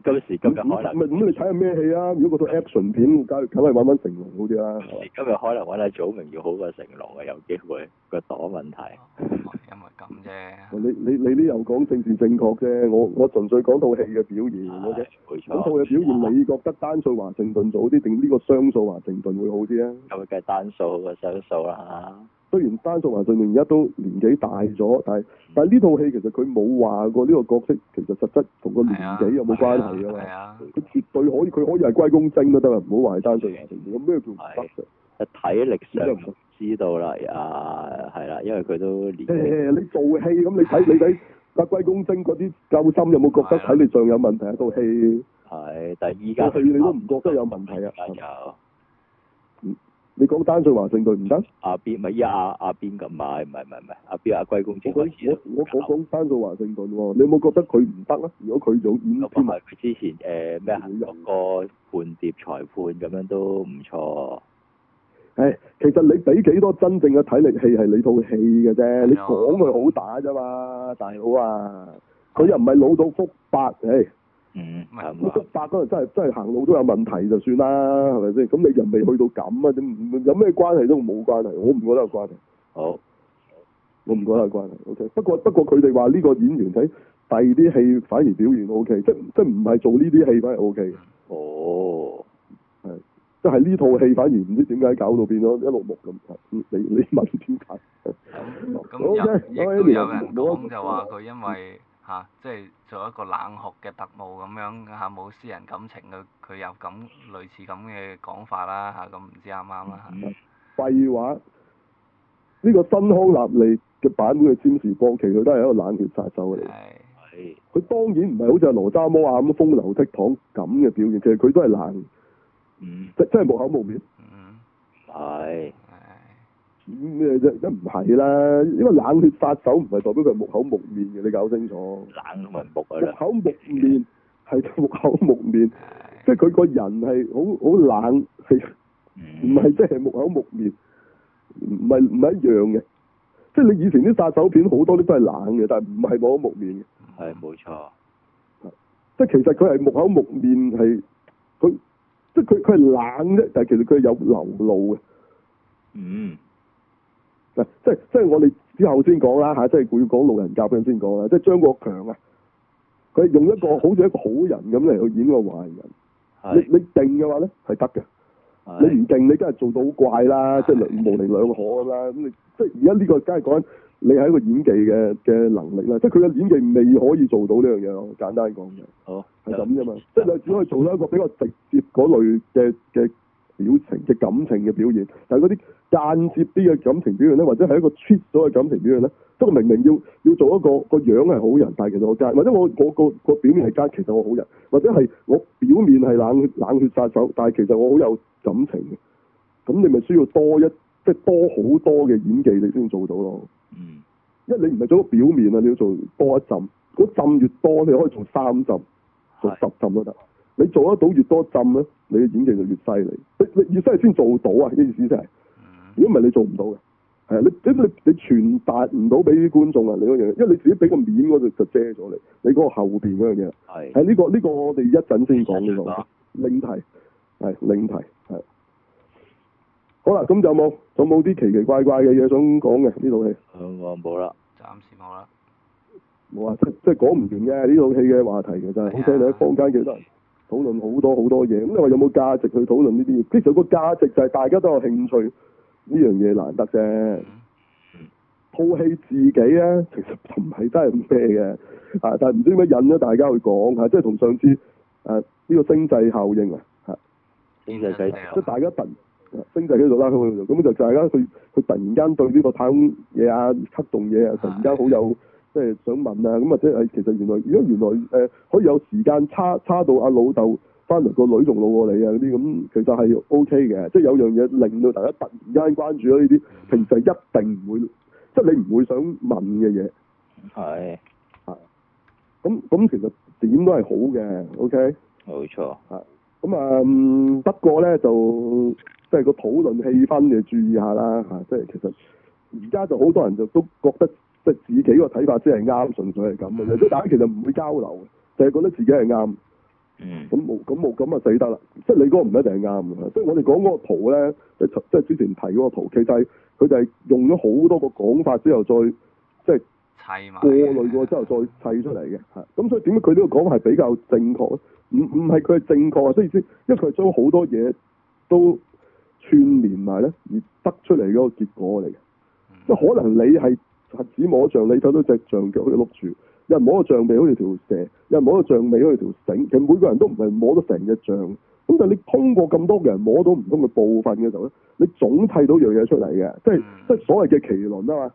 今時今咁，你睇下咩戲啊？如果嗰套 Action 片，假如咁咪慢揾成龍好啲啦。今日可能揾阿祖明要好過成龍啊，有機會個朵問題。因為咁啫。你你你呢又講政治正確啫，我我純粹講套戲嘅表，表現。好咁套嘅表現在，你覺得單數華盛頓好啲定呢個雙數華盛頓會好啲啊？咁咪計單數個雙數啦。雖然單數華上面而家都年紀大咗，但係但係呢套戲其實佢冇話過呢個角色其實實質同個年紀有冇關係㗎嘛？佢、啊啊啊啊、絕對可以，佢可以係龜公精都得啦，唔好話係單數華上面，咁咩叫實質？係體力上唔知道啦呀，係啦的、啊，因為佢都年紀。誒、欸，你做戲咁你睇的你睇阿龜公精嗰啲夠深，心有冇覺得體力上有問題一、啊、套戲係，但係依家佢你都唔覺得有問題啊？你講單數華盛頓唔得？阿邊咪依阿阿邊咁啊？唔係唔係唔係，阿邊阿貴公子。我講我我講單數華盛頓喎，你有冇覺得佢唔得咧？如果佢用五千萬，佢之前誒咩肯落個半跌裁判咁樣都唔錯。係，其實你俾幾多真正嘅體力氣係你套戲嘅啫， *laughs* 你講佢好打啫嘛，大佬啊！佢又唔係老到福伯誒。欸嗯，係、啊、八個人真係真係行路都有問題就算啦，係咪先？咁你人未去到咁啊？有咩關係都冇關係，我唔覺得有關係。好、哦，我唔覺得有關係。OK，不過不過佢哋話呢個演員睇第二啲戲反而表現 OK，即即唔係做呢啲戲反而 OK 哦，係，即係呢套戲反而唔知點解搞到變咗一碌木咁。你你問點解？咁有亦都有人講就話佢因為。嚇、啊，即係做一個冷酷嘅特務咁樣嚇，冇、啊、私人感情嘅，佢有咁類似咁嘅講法啦嚇，咁、啊、唔、啊、知啱啱啦？廢話！呢、這個新康納利嘅版本嘅占士邦，佢都係一個冷血殺手嚟。係是。佢當然唔係好似阿羅渣摩亞咁風流倜儻咁嘅表現，其實佢都係冷。嗯。即即係無口無面。嗯，係、嗯。嗯咩啫？都唔係啦，因為冷血殺手唔係代表佢係木口木面嘅，你搞清楚。冷同埋木嘅。木口木面係木口木面，目目面唉即係佢個人係好好冷，係唔係即係木口木面？唔係，唔係一樣嘅，即係你以前啲殺手片好多都係冷嘅，但係唔係木口木面嘅。係冇錯。即係其實佢係木口木面係佢，即係佢佢係冷啫，但係其實佢係有流露嘅。嗯。即係即係我哋之後先講啦嚇，即係要講路人甲先講啦。即係張國強啊，佢用一個好似一個好人咁嚟去演個壞人。的你你定嘅話咧係得嘅，你唔定的你梗係做到好怪啦，的即係無離兩可啦。咁你即係而家呢個梗係講緊你係一個演技嘅嘅能力啦。即係佢嘅演技未可以做到呢樣嘢咯，簡單講嘅好係咁啫嘛，嗯、即係你只可以做到一個比較直接嗰類嘅嘅。表情嘅感情嘅表現，但係嗰啲間接啲嘅感情表現咧，或者係一個 cheap 咗嘅感情表現咧，即係明明要要做一個個樣係好人，但係其實我奸，或者我我個個表面係奸，其實我好人，或者係我，我，我，我，我表面係冷冷血殺手，但係其實我好有感情嘅，咁你咪需要多一即係多好多嘅演技你先做到咯。嗯，一你唔係做到表面啊，你要做多一浸，嗰浸越多，你可以做三浸，做十浸都得。你做得到越多陣咧，你嘅演技就越犀利。你你越犀利先做到啊！呢件事真係。如果唔係你做唔到嘅，係啊，你咁你你，你傳達唔到俾啲觀眾啊，你嗰樣，因為你自己俾個面嗰度就遮咗你，你嗰個後邊嗰樣嘢。係的。喺呢個呢個我哋一陣先講呢個領題，係領題，係。好啦，咁就冇，仲冇啲奇奇怪怪嘅嘢想講嘅呢套戲。我冇啦。暫時冇啦。冇啊！即即係講唔完嘅呢套戲嘅話題嘅真係。好犀利，坊間叫得。討論好多好多嘢，咁你話有冇價值去討論呢啲嘢？其實個價值就係大家都有興趣呢樣嘢難得啫，套戲、嗯嗯、自己咧，其實唔係真係咁咩嘅，啊，但係唔知點解引咗大家去講嚇、啊，即係同上次誒呢、啊呢個星際效應啊嚇。星際係即係大家突然星際喺度拉咁就大家佢佢突然間對呢個太空嘢啊、黑洞嘢啊，突然間好有。啊啊即係想問啊，咁或者係其實原來，如果原來誒、呃、可以有時間差差到阿老豆翻嚟個女仲老過你啊嗰啲咁，其實係 O K 嘅，即係有樣嘢令到大家突然間關注咗呢啲平時一定唔會，即係你唔會想問嘅嘢。係係啊，咁咁其實點都係好嘅，O K。冇錯啊，咁啊不過咧就即係個討論氣氛嘅注意下啦嚇、啊，即係其實而家就好多人就都覺得。即係自己個睇法，即係啱，純粹係咁嘅啫。即係大家其實唔會交流嘅，就係覺得自己係啱。嗯。咁冇咁冇咁啊，死得啦！即係你嗰個唔一定係啱嘅。即係我哋講嗰個圖咧，即係之前睇嗰個圖，其實佢就係用咗好多個講法之後再，再即係過濾過之後再砌出嚟嘅。係、嗯。咁所以點解佢呢個講法係比較正確咧？唔唔係佢係正確啊！即係意思，因為佢係將好多嘢都串連埋咧，而得出嚟嗰個結果嚟嘅。即係、嗯、可能你係。瞎子摸象，你睇到隻象腳好似碌住；有人摸個象鼻，好似條蛇；有人摸個象尾，好似條繩。其實每個人都唔係摸到成隻象，咁但係你通過咁多個人摸到唔同嘅部分嘅時候咧，你總睇到樣嘢出嚟嘅，即係即係所謂嘅麒麟、mm. 啊嘛。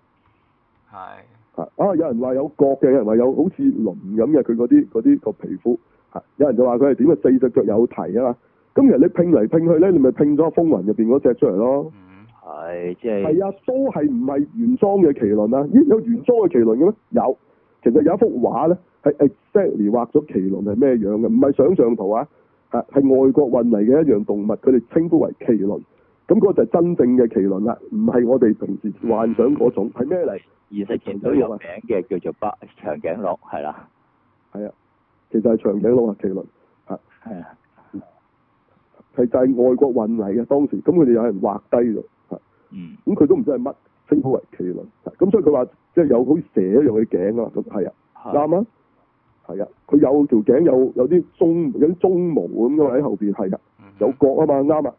係啊，有人話有角嘅，有人話有好似鱗咁嘅，佢嗰啲嗰啲個皮膚。吓、啊，有人就話佢係點啊？四隻腳有蹄啊嘛。咁其實你拼嚟拼去咧，你咪拼咗風雲入邊嗰隻出嚟咯。Mm. 係，即係係啊，都係唔係原裝嘅麒麟啦啊？咦，有原裝嘅麒麟嘅咩？有，其實有一幅畫咧，係 exactly 畫咗麒麟係咩樣嘅？唔係想象圖啊，係外國運嚟嘅一樣動物，佢哋稱呼為麒麟。咁嗰個就係真正嘅麒麟啦，唔係我哋平時幻想嗰種。係咩嚟？現實見到有個名嘅叫做長頸鹿，係啦，係啊，其實係長頸鹿啊，麒麟啊，係啊，係就係外國運嚟嘅，當時咁佢哋有人畫低咗。嗯，咁佢、嗯、都唔知係乜，稱呼為麒麟，咁所以佢話即係有好似蛇一樣嘅頸啊，咁係啊，啱啊的，係啊、嗯，佢有條頸有，有有啲鬃有啲鬃毛咁嘅喺後邊，係啊，的有角啊嘛，啱啊，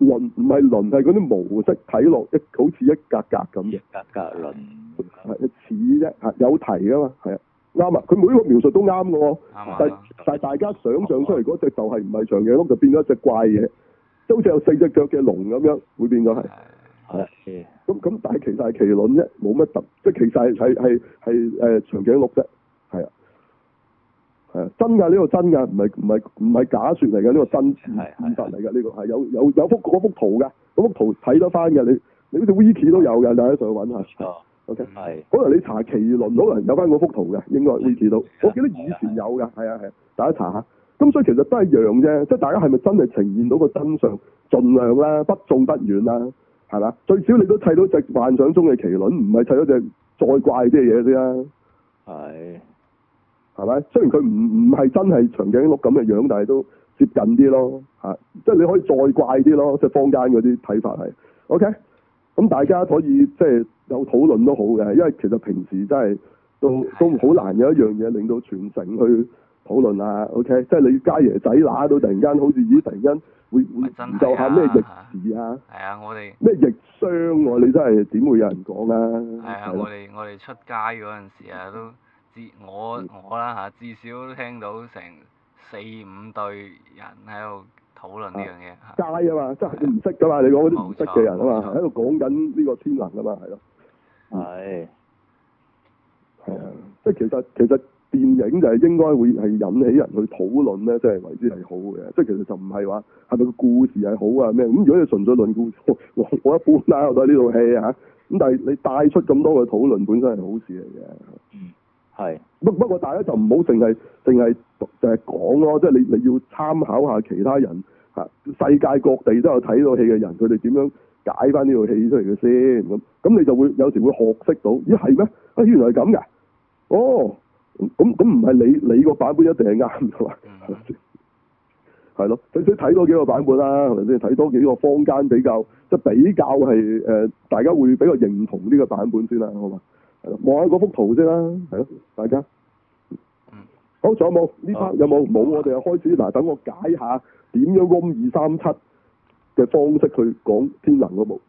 鱗唔係鱗，係嗰啲模式睇落一好似一格格咁，嘅，格格鱗，一似啫，有蹄啊嘛，係啊，啱、嗯、啊，佢每一個描述都啱嘅啊，但但係大家想象出嚟嗰隻就係唔係長頸鹿，就變咗一隻怪嘢，即好似有四隻腳嘅龍咁樣，會變咗係。係，咁咁， *noise* *noise* 但係其實係麒麟啫，冇乜特。即係其實係係係誒長頸鹿啫，係啊，係啊，真㗎呢，呢個真㗎，唔係唔係唔係假說嚟嘅，呢個真事現實嚟嘅，呢個係有有有幅幅圖㗎，咁幅圖睇得翻嘅，你你好似 wiki 都有嘅，大家上去揾下 o k 係，可能你查麒麟可能有翻嗰幅圖嘅，應該 wiki 都。 *noise* 我記得以前有嘅，係啊係，大家查下，咁所以其實都係一樣啫，即係大家係咪真係呈現到個真相真？儘量啦，不中不遠啦。係嘛？最少你都砌到隻幻想中嘅麒麟，唔係砌到隻再怪啲嘅嘢先啦。係的，係咪？雖然佢唔唔係真係長頸鹿咁嘅樣，但係都接近啲咯。吓，即係你可以再怪啲咯，即係坊間嗰啲睇法係。OK，咁大家可以即係有討論都好嘅，因為其實平時真係都的都好難有一樣嘢令到全城去。討論啊，OK，即係你家爺仔乸都突然間，好似咦突然間會會唔就下咩逆時啊？係啊，我哋咩逆熵喎？你真係點會有人講啊？係啊，我哋我哋出街嗰陣時啊，都至我我啦嚇，至少都聽到成四五對人喺度討論呢樣嘢。街啊嘛，即係你唔識噶嘛，你講啲唔識嘅人啊嘛，喺度講緊呢個天能啊嘛，係咯。係。係啊，即係其實其實。電影就係應該會係引起人去討論咧，即係為之係好嘅。即係其實就唔係話係咪個故事係好啊咩？咁如果你純粹論故事，我我一般啦、啊，我都係呢套戲嚇、啊。咁但係你帶出咁多嘅討論，本身係好事嚟嘅。嗯，係。不不過，大家就唔好淨係淨係就係講咯。即係你你要參考下其他人嚇，世界各地都有睇到戲嘅人，佢哋點樣解翻呢套戲出嚟嘅先咁咁，你就會有時會學識到咦係咩？啊，原來係咁㗎，哦。咁咁唔係你你個版本一定係啱㗎嘛？係咪先？係咯，至少睇多幾個版本啦，係咪先？睇多幾個坊間比較，即係比較係誒、呃，大家會比較認同呢個版本先啦，好嘛？係望下嗰幅圖先啦，係咯，大家。好，仲有冇？呢 part *laughs* 有冇？冇 *laughs* 我哋就開始嗱，等我解下點樣 Room 237嘅方式去講天能嗰部。